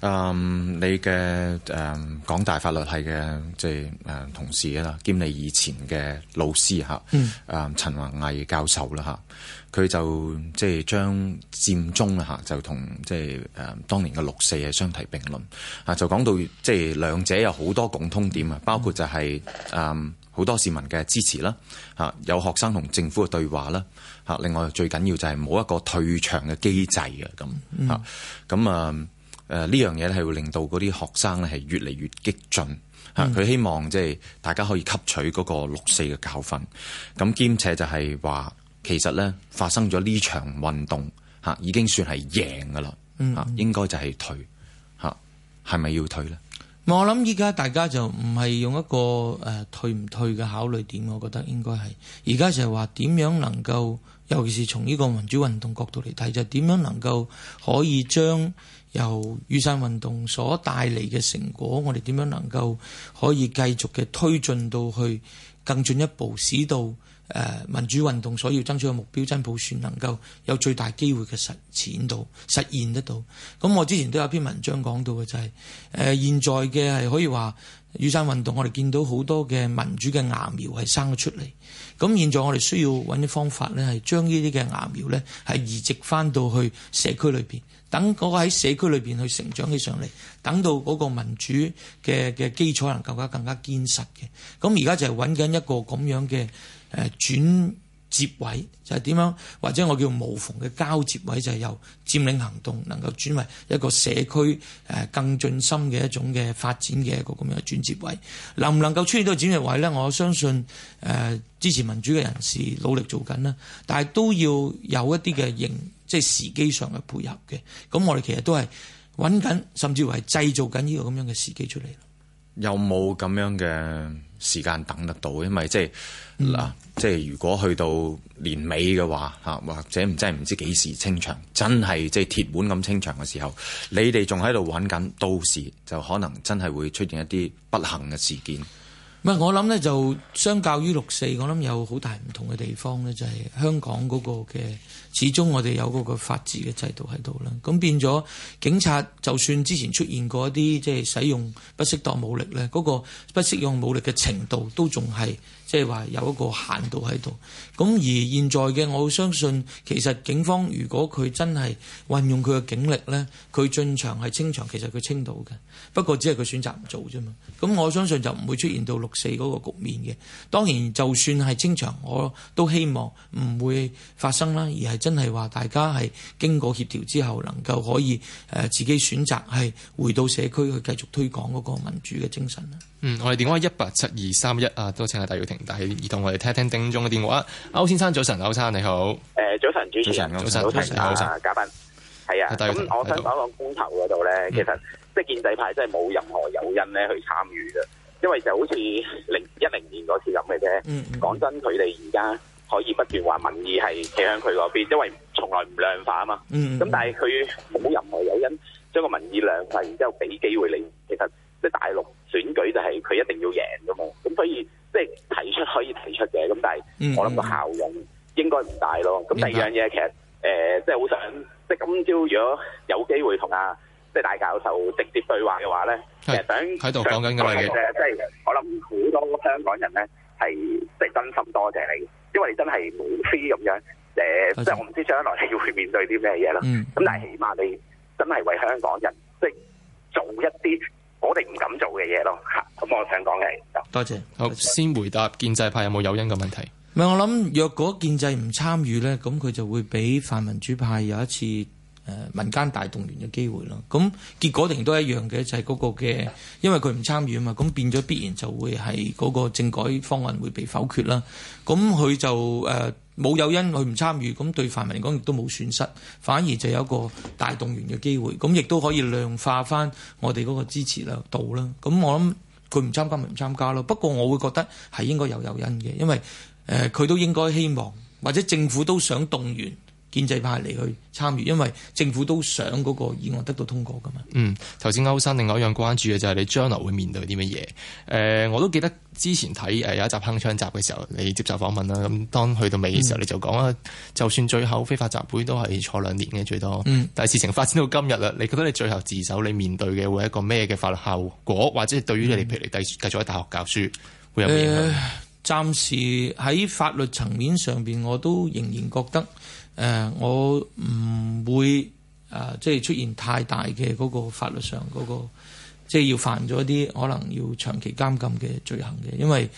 嗯，你嘅誒港大法律系嘅即係誒同事啦，兼你以前嘅老師嚇，誒、嗯、陳宏毅教授啦嚇，佢就即係、就是、將佔中嚇就同即係誒當年嘅六四係相提並論啊，就講到即係、就是、兩者有好多共通點啊，包括就係誒好多市民嘅支持啦，嚇有學生同政府嘅對話啦。嚇！另外最緊要就係冇一個退場嘅機制、嗯、啊！咁嚇咁啊誒呢樣嘢咧，係會令到嗰啲學生咧係越嚟越激進嚇。佢、嗯啊、希望即係大家可以吸取嗰個六四嘅教訓。咁、啊、兼且就係話，其實咧發生咗呢場運動嚇、啊，已經算係贏噶啦、嗯。嗯、啊，應該就係退嚇，係、啊、咪要退咧、嗯？我諗依家大家就唔係用一個誒、呃、退唔退嘅考慮點，我覺得應該係而家就係話點樣能夠。尤其是從呢個民主運動角度嚟睇，就點樣能夠可以將由雨傘運動所帶嚟嘅成果，我哋點樣能夠可以繼續嘅推進到去更進一步，使到。誒民主運動所要爭取嘅目標，真普選能夠有最大機會嘅實踐到實現得到。咁我之前都有篇文章講到嘅，就是，就係誒現在嘅係可以話雨傘運動，我哋見到好多嘅民主嘅芽苗係生咗出嚟。咁現在我哋需要揾啲方法咧，係將呢啲嘅芽苗咧係移植翻到去社區裏邊，等嗰個喺社區裏邊去成長起上嚟，等到嗰個民主嘅嘅基礎能夠更加更加堅實嘅。咁而家就係揾緊一個咁樣嘅。誒轉接位就係、是、點樣，或者我叫無縫嘅交接位，就係、是、由佔領行動能夠轉為一個社區誒、呃、更進深嘅一種嘅發展嘅一個咁樣嘅轉接位，能唔能夠出現到轉接位咧？我相信誒、呃、支持民主嘅人士努力做緊啦，但係都要有一啲嘅形，即係時機上嘅配合嘅。咁我哋其實都係揾緊，甚至乎係製造緊呢個咁樣嘅時機出嚟。有冇咁樣嘅時間等得到？因為即係嗱。嗯即係如果去到年尾嘅話，嚇、啊、或者唔真係唔知幾時清場，真係即係鐵門咁清場嘅時候，你哋仲喺度玩緊，到時就可能真係會出現一啲不幸嘅事件。唔係，我諗呢就相較於六四，我諗有好大唔同嘅地方呢就係、是、香港嗰個嘅，始終我哋有嗰個法治嘅制度喺度啦。咁變咗警察，就算之前出現過一啲即係使用不適當武力呢嗰、那個不適用武力嘅程度都仲係。即係話有一個限度喺度，咁而現在嘅我相信，其實警方如果佢真係運用佢嘅警力呢，佢進場係清場，其實佢清到嘅，不過只係佢選擇唔做啫嘛。咁我相信就唔會出現到六四嗰個局面嘅。當然，就算係清場，我都希望唔會發生啦，而係真係話大家係經過協調之後，能夠可以誒自己選擇係回到社區去繼續推廣嗰個民主嘅精神啦。嗯，我哋電話一八七二三一啊，多謝啊，戴耀廷。但帶兒童我哋聽聽聽眾嘅電話啊，歐先生早晨，歐生你好。誒早晨主持人，早晨早晨早晨嘉賓，係啊。咁、啊、我想講講公投嗰度咧，其實即係建制派真係冇任何誘因咧去參與嘅，因為就好似零一零年嗰次咁嘅啫。嗯，講真，佢哋而家可以不斷話民意係企向佢嗰邊，因為從來唔量化啊嘛。嗯，咁但係佢冇任何誘因將個民意量化，然之後俾機會你。其實即係大陸選舉就係佢一定要贏噶嘛，咁所以。即係提出可以提出嘅，咁但係我諗個效用應該唔大咯。咁、嗯嗯、第二樣嘢其實誒、呃，即係好想即係今朝如果有機會同阿即係戴教授直接對話嘅話咧，其實想喺度講緊嗰嘅嘢。即係我諗好多香港人咧係即係真心多謝你，因為你真係無私咁樣誒，呃嗯、即係我唔知將來你要面對啲咩嘢咯。咁、嗯、但係起碼你真係為香港人即係做一啲。我哋唔敢做嘅嘢咯，嚇！咁我想講嘅多謝。好，先回答建制派有冇誘因嘅問題。唔係我諗，若果建制唔參與咧，咁佢就會俾泛民主派有一次。誒民間大動員嘅機會咯，咁結果定都一樣嘅，就係、是、嗰個嘅，因為佢唔參與啊嘛，咁變咗必然就會係嗰個政改方案會被否決啦。咁佢就誒冇、呃、誘，誘因佢唔參與，咁對泛民嚟講亦都冇損失，反而就有個大動員嘅機會，咁亦都可以量化翻我哋嗰個支持啦度啦。咁我諗佢唔參加咪唔參加咯，不過我會覺得係應該有誘因嘅，因為誒佢、呃、都應該希望或者政府都想動員建制派嚟去參與，因為政府都想嗰個議案得到通過噶嘛。嗯，頭先歐生另外一樣關注嘅就係你將來會面對啲乜嘢？誒、呃，我都記得之前睇誒有一集《鏗鏘集》嘅時候，你接受訪問啦。咁當去到尾嘅時候，嗯、你就講啦，就算最後非法集會都係坐兩年嘅最多。嗯、但係事情發展到今日啦，你覺得你最後自首，你面對嘅會係一個咩嘅法律效果，或者係對於你哋，譬、嗯、如嚟繼續喺大學教書會有咩影響？誒、呃，暫時喺法律層面上邊，我都仍然覺得。誒、呃，我唔會誒、呃，即係出現太大嘅嗰個法律上嗰個，即係要犯咗啲可能要長期監禁嘅罪行嘅，因為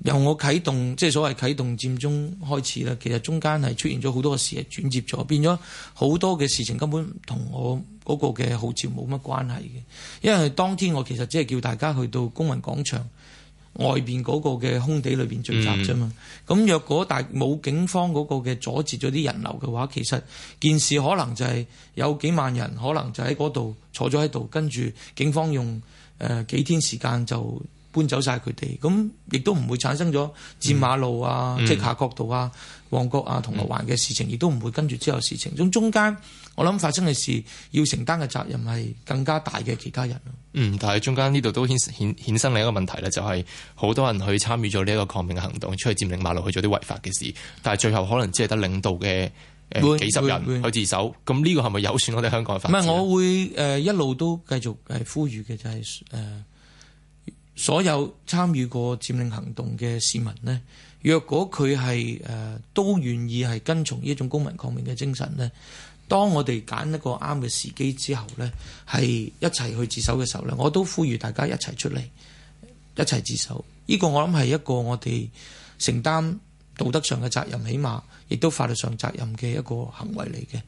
由我啟動即係所謂啟動佔中開始啦，其實中間係出現咗好多嘅事係轉接咗，變咗好多嘅事情根本同我嗰個嘅號召冇乜關係嘅，因為當天我其實只係叫大家去到公民廣場。外邊嗰個嘅空地裏邊聚集啫嘛，咁、嗯、若果大冇警方嗰個嘅阻截咗啲人流嘅話，其實件事可能就係有幾萬人可能就喺嗰度坐咗喺度，跟住警方用誒、呃、幾天時間就搬走晒佢哋，咁亦都唔會產生咗佔馬路、嗯、啊、即係夏慤道啊、嗯、旺角啊、銅鑼灣嘅事情，亦都唔會跟住之後事情，咁中間。我諗發生嘅事，要承擔嘅責任係更加大嘅其他人咯。嗯，但係中間呢度都衍衍衍生另一個問題咧，就係、是、好多人去參與咗呢一個抗命嘅行動，出去佔領馬路，去做啲違法嘅事。但係最後可能只係得領導嘅誒、呃、會幾十人去自首。咁呢個係咪有損我哋香港法治？唔係，我會誒、呃、一路都繼續係呼籲嘅、就是，就係誒所有參與過佔領行動嘅市民咧，若果佢係誒都願意係跟從呢一種公民抗命嘅精神咧，當我哋揀一個啱嘅時機之後咧，係一齊去自首嘅時候咧，我都呼籲大家一齊出嚟一齊自首。呢個我諗係一個我哋承擔道德上嘅責任，起碼亦都法律上責任嘅一個行為嚟嘅。誒、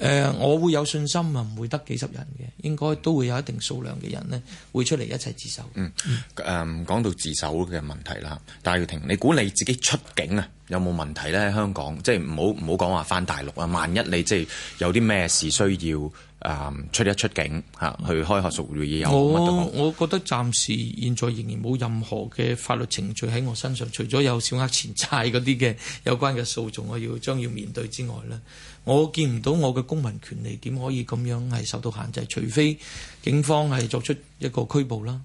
呃，我會有信心啊，唔會得幾十人嘅，應該都會有一定數量嘅人呢會出嚟一齊自首嗯。嗯，誒講到自首嘅問題啦，戴耀廷，你估你自己出境啊有冇問題咧？喺香港即係唔好唔好講話翻大陸啊，萬一你即係有啲咩事需要？誒出一出境，嚇，去開學術會議。有乜都好，我我覺得暫時現在仍然冇任何嘅法律程序喺我身上，除咗有小額錢債嗰啲嘅有關嘅訴訟我要將要面對之外咧，我見唔到我嘅公民權利點可以咁樣係受到限制，除非警方係作出一個拘捕啦。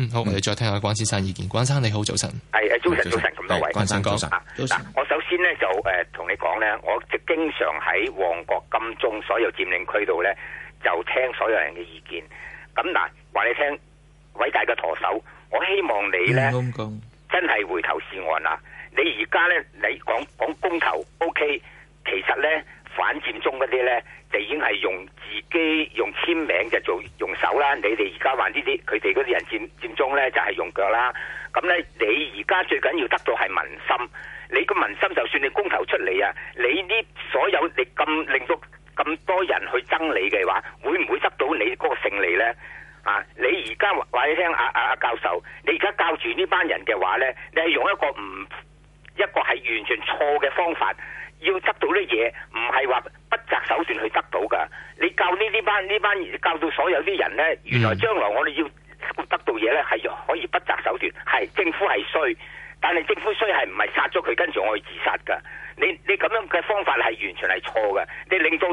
嗯，好，嗯、我哋再聽下關先生意見。關生你好，早晨。係誒、嗯，早晨，早晨，咁多位。關生，早晨。好、啊呃，我首先呢，就誒同你講咧，我即係經常喺旺角金鐘所有佔領區度咧。就聽所有人嘅意見，咁嗱，話你聽，偉大嘅舵手，我希望你呢、嗯嗯嗯、真係回頭是岸啦！你而家呢，你講講公投，OK，其實呢，反佔中嗰啲呢，就已經係用自己用簽名就做用手啦。你哋而家玩呢啲，佢哋嗰啲人佔佔中呢，就係、是、用腳啦。咁呢，你而家最緊要得到係民心，你個民心就算你公投出嚟啊，你呢所有你咁令到。咁多人去憎你嘅話，會唔會得到你嗰個勝利呢？啊！你而家話你聽阿阿教授，你而家教住呢班人嘅話呢，你係用一個唔一個係完全錯嘅方法，要得到啲嘢，唔係話不擇手段去得到噶。你教呢呢班呢班教到所有啲人呢，原來將來我哋要得到嘢呢，係可以不擇手段，係政府係衰，但係政府衰係唔係殺咗佢跟住我去自殺㗎？你你咁樣嘅方法係完全係錯嘅，你令到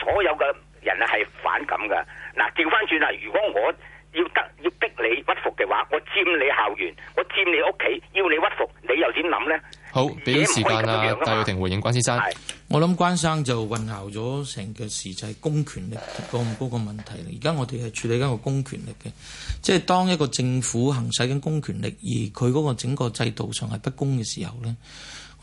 所有嘅人係反感嘅。嗱、啊，調翻轉啦，如果我要得要逼你屈服嘅話，我佔你校園，我佔你屋企，要你屈服，你又點諗呢？好，俾啲時間啊，戴耀廷回應關先生。是我諗關生就混淆咗成個事就係、是、公權力咁嗰個問題。而家我哋係處理緊個公權力嘅，即係當一個政府行使緊公權力，而佢嗰個整個制度上係不公嘅時候呢。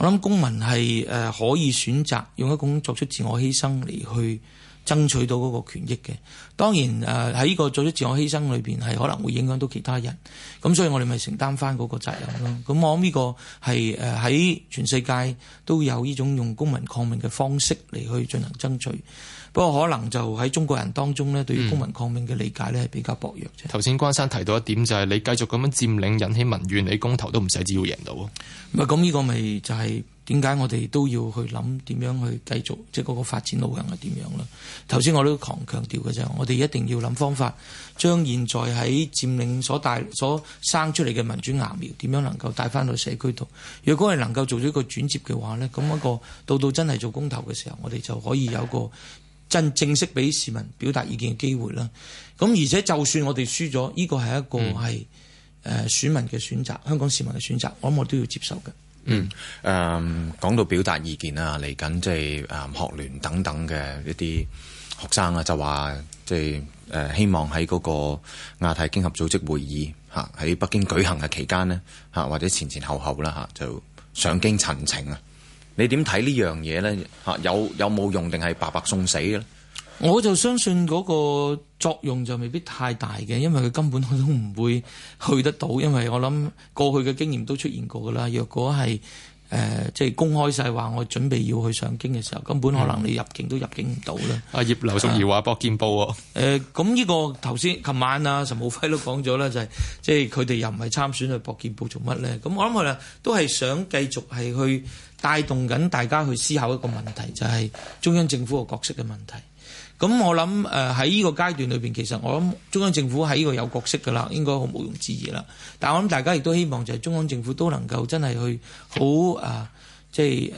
我諗公民係誒可以選擇用一種作出自我犧牲嚟去爭取到嗰個權益嘅。當然誒喺呢個作出自我犧牲裏邊係可能會影響到其他人，咁所以我哋咪承擔翻嗰個責任咯。咁我諗呢個係誒喺全世界都有呢種用公民抗命嘅方式嚟去進行爭取。不過可能就喺中國人當中咧，對於公民抗命嘅理解咧係比較薄弱啫。頭先關生提到一點就係你繼續咁樣佔領引起民怨，你公投都唔使只要贏到。啊咁呢個咪就係點解我哋都要去諗點樣去繼續即係嗰個發展路徑係點樣咧？頭先我都強強調嘅啫，我哋一定要諗方法，將現在喺佔領所帶所生出嚟嘅民主芽苗點樣能夠帶翻到社區度。若果係能夠做咗一個轉接嘅話咧，咁一個到到真係做公投嘅時候，我哋就可以有個，真正式俾市民表達意見嘅機會啦，咁而且就算我哋輸咗，呢個係一個係誒選民嘅選擇，香港市民嘅選擇，我諗我都要接受嘅。嗯，嗯，誒講到表達意見啊，嚟緊即係誒學聯等等嘅一啲學生啊，就話即係誒希望喺嗰個亞太經合組織會議嚇喺北京舉行嘅期間呢嚇，或者前前後後啦嚇，就上京陳情啊！你點睇呢樣嘢咧？嚇，有有冇用定係白白送死嘅咧？我就相信嗰個作用就未必太大嘅，因為佢根本佢都唔會去得到。因為我諗過去嘅經驗都出現過噶啦。若果係誒，即、呃、係、就是、公開曬話，我準備要去上京嘅時候，根本可能你入境都入境唔到啦。阿、嗯啊、葉劉淑儀話、呃、博見報喎，誒咁呢個頭先琴晚啊陳武輝都講咗咧，就係、是、即係佢哋又唔係參選去博見報做乜咧？咁我諗佢哋都係想繼續係去。帶動緊大家去思考一個問題，就係、是、中央政府個角色嘅問題。咁我諗誒喺呢個階段裏邊，其實我諗中央政府喺呢個有角色㗎啦，應該好毋庸置疑啦。但係我諗大家亦都希望就係中央政府都能夠真係去好啊、呃，即係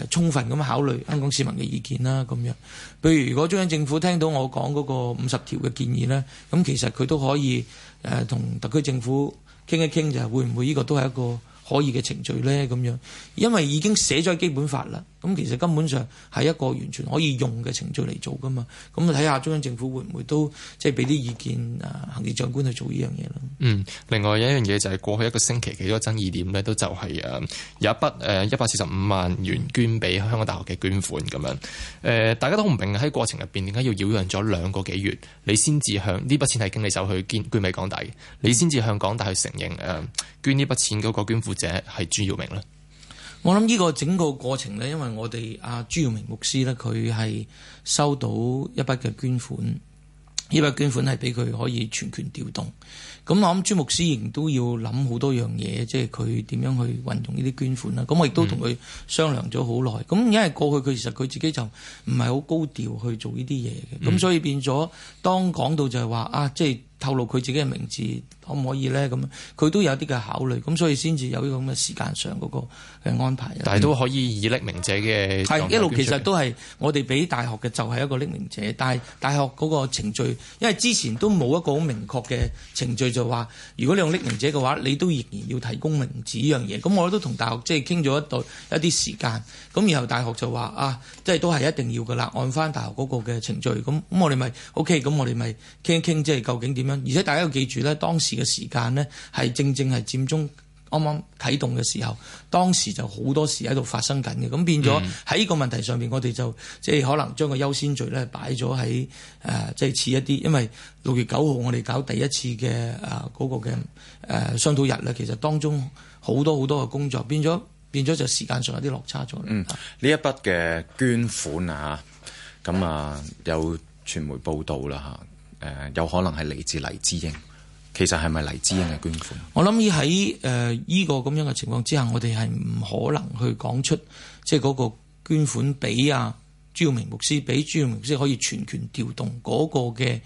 誒誒充分咁考慮香港市民嘅意見啦，咁樣。譬如如果中央政府聽到我講嗰個五十條嘅建議呢，咁其實佢都可以誒同、呃、特區政府傾一傾，就係會唔會呢個都係一個。可以嘅程序咧，咁樣，因為已經寫咗基本法啦。咁其實根本上係一個完全可以用嘅程序嚟做㗎嘛，咁啊睇下中央政府會唔會都即係俾啲意見啊行政長官去做呢樣嘢咯。嗯，另外有一樣嘢就係過去一個星期幾多爭議點咧，都就係誒有一筆誒一百四十五萬元捐俾香港大學嘅捐款咁樣。誒、呃，大家都唔明喺過程入邊點解要擾攘咗兩個幾月，你先至向呢筆錢係經理手去捐捐俾港大，嗯、你先至向港大去承認誒捐呢筆錢嗰個捐款者係朱耀明咧。我諗呢個整個過程呢，因為我哋阿、啊、朱耀明牧師呢，佢係收到一筆嘅捐款，呢筆、嗯、捐款係俾佢可以全權調動。咁、嗯、我諗朱牧師仍都要諗好多樣嘢，即係佢點樣去運用呢啲捐款啦。咁、嗯、我亦都同佢商量咗好耐。咁因為過去佢其實佢自己就唔係好高調去做呢啲嘢嘅，咁、嗯嗯、所以變咗當講到就係話啊，即係。透露佢自己嘅名字可唔可以咧？咁佢都有啲嘅考慮，咁所以先至有呢個咁嘅時間上個嘅安排。但係都可以以匿名者嘅是，係一路其實都係我哋俾大學嘅就係一個匿名者，但係大學個程序，因為之前都冇一個好明確嘅程序就，就話如果你用匿名者嘅話你都仍然要提供名字呢樣嘢。咁我都同大學即係傾咗一度一啲時間，咁然後大學就話啊，即係都係一定要嘅啦，按翻大學嗰個嘅程序。咁咁我哋咪 O K，咁我哋咪傾一傾即係究竟點樣。而且大家要記住咧，當時嘅時間咧，係正正係佔中啱啱啟動嘅時候，當時就好多事喺度發生緊嘅。咁變咗喺呢個問題上邊，嗯、我哋就即係可能將個優先序咧擺咗喺誒，即係似一啲，因為六月九號我哋搞第一次嘅誒嗰個嘅誒、呃、商討日咧，其實當中好多好多嘅工作變咗變咗就時間上有啲落差咗。嗯，呢一筆嘅捐款啊，咁啊有傳媒報導啦嚇。誒有可能係嚟自黎智英，其實係咪黎智英嘅捐款？我諗喺誒呢個咁樣嘅情況之下，我哋係唔可能去講出即係嗰個捐款俾啊朱耀明牧師，俾朱耀明牧師可以全權調動嗰個嘅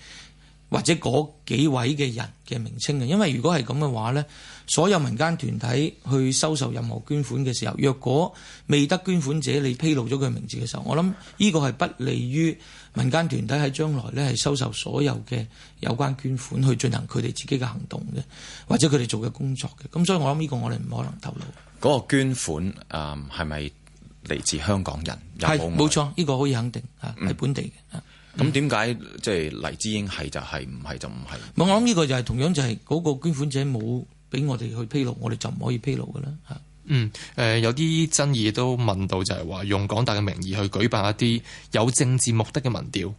或者嗰幾位嘅人嘅名稱嘅，因為如果係咁嘅話咧。所有民間團體去收受任何捐款嘅時候，若果未得捐款者，你披露咗佢名字嘅時候，我諗呢個係不利於民間團體喺將來咧係收受所有嘅有關捐款去進行佢哋自己嘅行動嘅，或者佢哋做嘅工作嘅。咁所以我諗呢個我哋唔可能透露嗰個捐款啊，係咪嚟自香港人？係冇錯，呢個可以肯定啊，係本地嘅。咁點解即係黎智英係就係唔係就唔係？我諗呢個就係同樣就係嗰個捐款者冇。俾我哋去披露，我哋就唔可以披露㗎啦。吓，嗯，誒、呃，有啲爭議都問到就，就係話用港大嘅名義去舉辦一啲有政治目的嘅民調，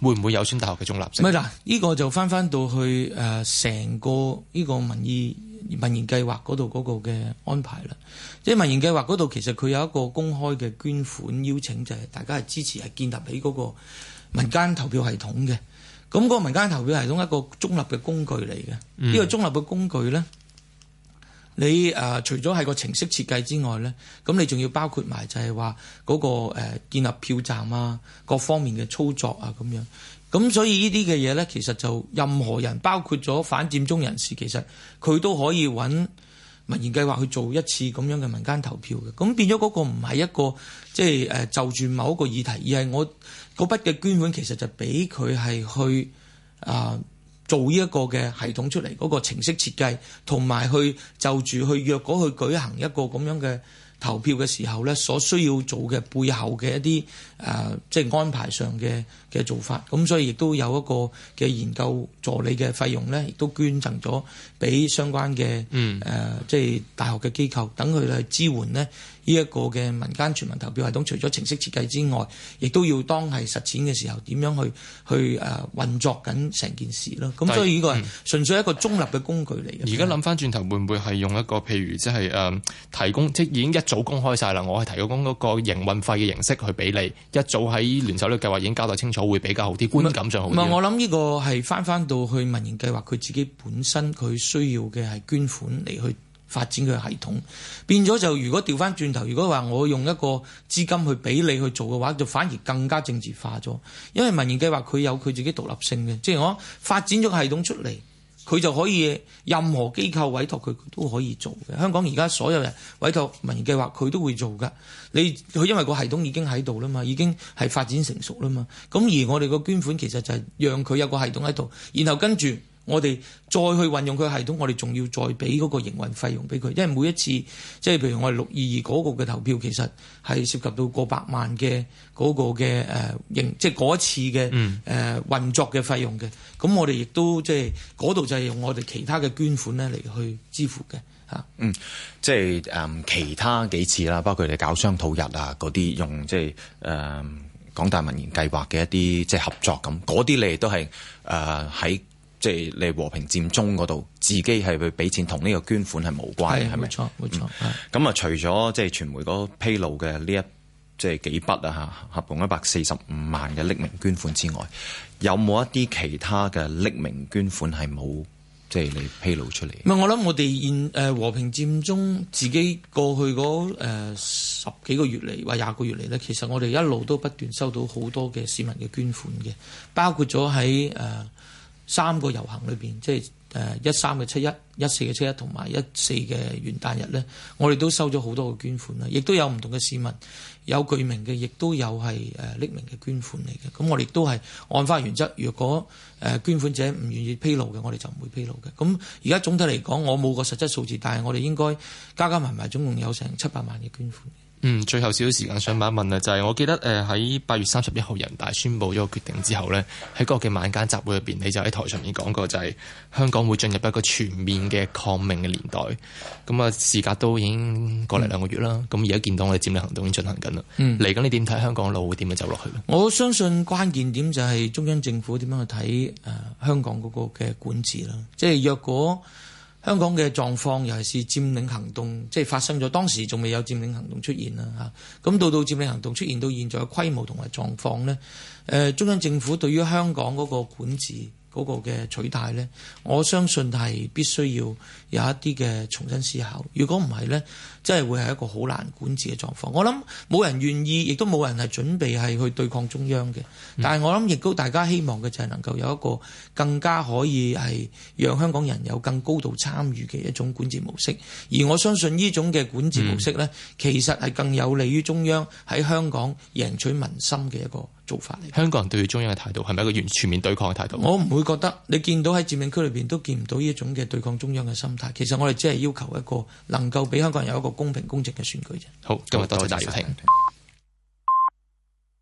會唔會有損大學嘅中立性？咪嗱、嗯，呢、呃這個就翻翻到去誒成、呃、個呢個民意民研計劃嗰度嗰個嘅安排啦。即係民研計劃嗰度，其實佢有一個公開嘅捐款邀請，就係、是、大家係支持係建立起嗰個民間投票系統嘅。咁、那個民間投票系統係一個中立嘅工具嚟嘅，呢、嗯、個中立嘅工具咧。你誒、呃、除咗係個程式設計之外咧，咁你仲要包括埋就係話嗰個，呃、建立票站啊，各方面嘅操作啊咁樣。咁所以呢啲嘅嘢咧，其實就任何人，包括咗反佔中人士，其實佢都可以揾民研計劃去做一次咁樣嘅民間投票嘅。咁變咗嗰個唔係一個即係誒就住，是呃、某一個議題，而係我嗰筆嘅捐款其實就俾佢係去啊。呃做呢一個嘅系統出嚟，嗰個程式設計，同埋去就住去若果去舉行一個咁樣嘅投票嘅時候咧，所需要做嘅背後嘅一啲。誒、呃，即係安排上嘅嘅做法，咁、嗯、所以亦都有一個嘅研究助理嘅費用咧，亦都捐贈咗俾相關嘅誒、呃，即係大學嘅機構等佢去支援呢，呢、這、一個嘅民間全民投票系統除咗程式設計之外，亦都要當係實踐嘅時候，點樣去去誒、呃、運作緊成件事咯。咁、嗯、所以呢個係純粹一個中立嘅工具嚟。嘅、嗯。而家諗翻轉頭會唔會係用一個譬如即係誒提供，即係已經一早公開晒啦。我係提供嗰個營運費嘅形式去俾你。一早喺聯手呢個計劃已經交代清楚，會比較好啲，觀感上好啲。唔係，嗯，我諗呢個係翻翻到去民研計劃，佢自己本身佢需要嘅係捐款嚟去發展佢系統。變咗就如果調翻轉頭，如果話我用一個資金去俾你去做嘅話，就反而更加政治化咗。因為民研計劃佢有佢自己獨立性嘅，即係我發展咗個系統出嚟，佢就可以任何機構，委託佢都可以做嘅。香港而家所有人委託民營計劃，佢都會做㗎。你，佢因為個系統已經喺度啦嘛，已經係發展成熟啦嘛。咁而我哋個捐款其實就係讓佢有個系統喺度，然後跟住。我哋再去運用佢系統，我哋仲要再俾嗰個營運費用俾佢，因為每一次，即係譬如我哋六二二嗰個嘅投票，其實係涉及到過百萬嘅嗰個嘅誒營，即係嗰一次嘅誒、呃、運作嘅費用嘅。咁我哋亦都即係嗰度就係用我哋其他嘅捐款咧嚟去支付嘅嚇。啊、嗯，即係誒、呃、其他幾次啦，包括你搞商討日啊嗰啲，用即係誒港大民研計劃嘅一啲即係合作咁，嗰啲你都係誒喺。呃即係你和平佔中嗰度，自己係去俾錢同呢個捐款係冇關係，係咪是？冇吧錯，冇、嗯、錯。咁啊、嗯，嗯、除咗即係傳媒嗰披露嘅呢一即係、就是、幾筆啊嚇，合共一百四十五萬嘅匿名捐款之外，有冇一啲其他嘅匿名捐款係冇即係你披露出嚟？唔係、嗯，我諗我哋現誒和平佔中自己過去嗰十幾個月嚟或廿個月嚟咧，其實我哋一路都不斷收到好多嘅市民嘅捐款嘅，包括咗喺誒。呃呃三個遊行裏邊，即係誒一三嘅七一、一四嘅七一同埋一四嘅元旦日咧，我哋都收咗好多嘅捐款啦，亦都有唔同嘅市民有具名嘅，亦都有係誒匿名嘅捐款嚟嘅。咁我哋都係按法原則，如果誒捐款者唔願意披露嘅，我哋就唔會披露嘅。咁而家總體嚟講，我冇個實質數字，但係我哋應該加加埋埋總共有成七百萬嘅捐款。嗯，最後少少時間想問一問啦，就係、是、我記得誒喺八月三十一號人大宣布咗個決定之後呢，喺嗰個嘅晚間集會入邊，你就喺台上面講過就係、是、香港會進入一個全面嘅抗命嘅年代。咁啊，時隔都已經過嚟兩個月啦，咁而家見到我哋佔領行動已經進行緊啦。嚟緊、嗯、你點睇香港路會點樣走落去呢？我相信關鍵點就係中央政府點樣去睇誒香港嗰個嘅管治啦。即係若果，香港嘅狀況，尤其是佔領行動，即係發生咗。當時仲未有佔領行動出現啦，嚇、啊。咁到到佔領行動出現到現在嘅規模同埋狀況呢、呃，中央政府對於香港嗰個管治。嗰個嘅取態呢，我相信係必須要有一啲嘅重新思考。如果唔係呢，真係會係一個好難管治嘅狀況。我諗冇人願意，亦都冇人係準備係去對抗中央嘅。但係我諗，亦都大家希望嘅就係能夠有一個更加可以係讓香港人有更高度參與嘅一種管治模式。而我相信呢種嘅管治模式呢，其實係更有利於中央喺香港贏取民心嘅一個。做法嚟，香港人對中央嘅態度係咪一個完全面對抗嘅態度？我唔會覺得，你見到喺佔領區裏邊都見唔到呢一種嘅對抗中央嘅心態。其實我哋只係要求一個能夠俾香港人有一個公平公正嘅選舉啫。好，我今日多謝大家收聽。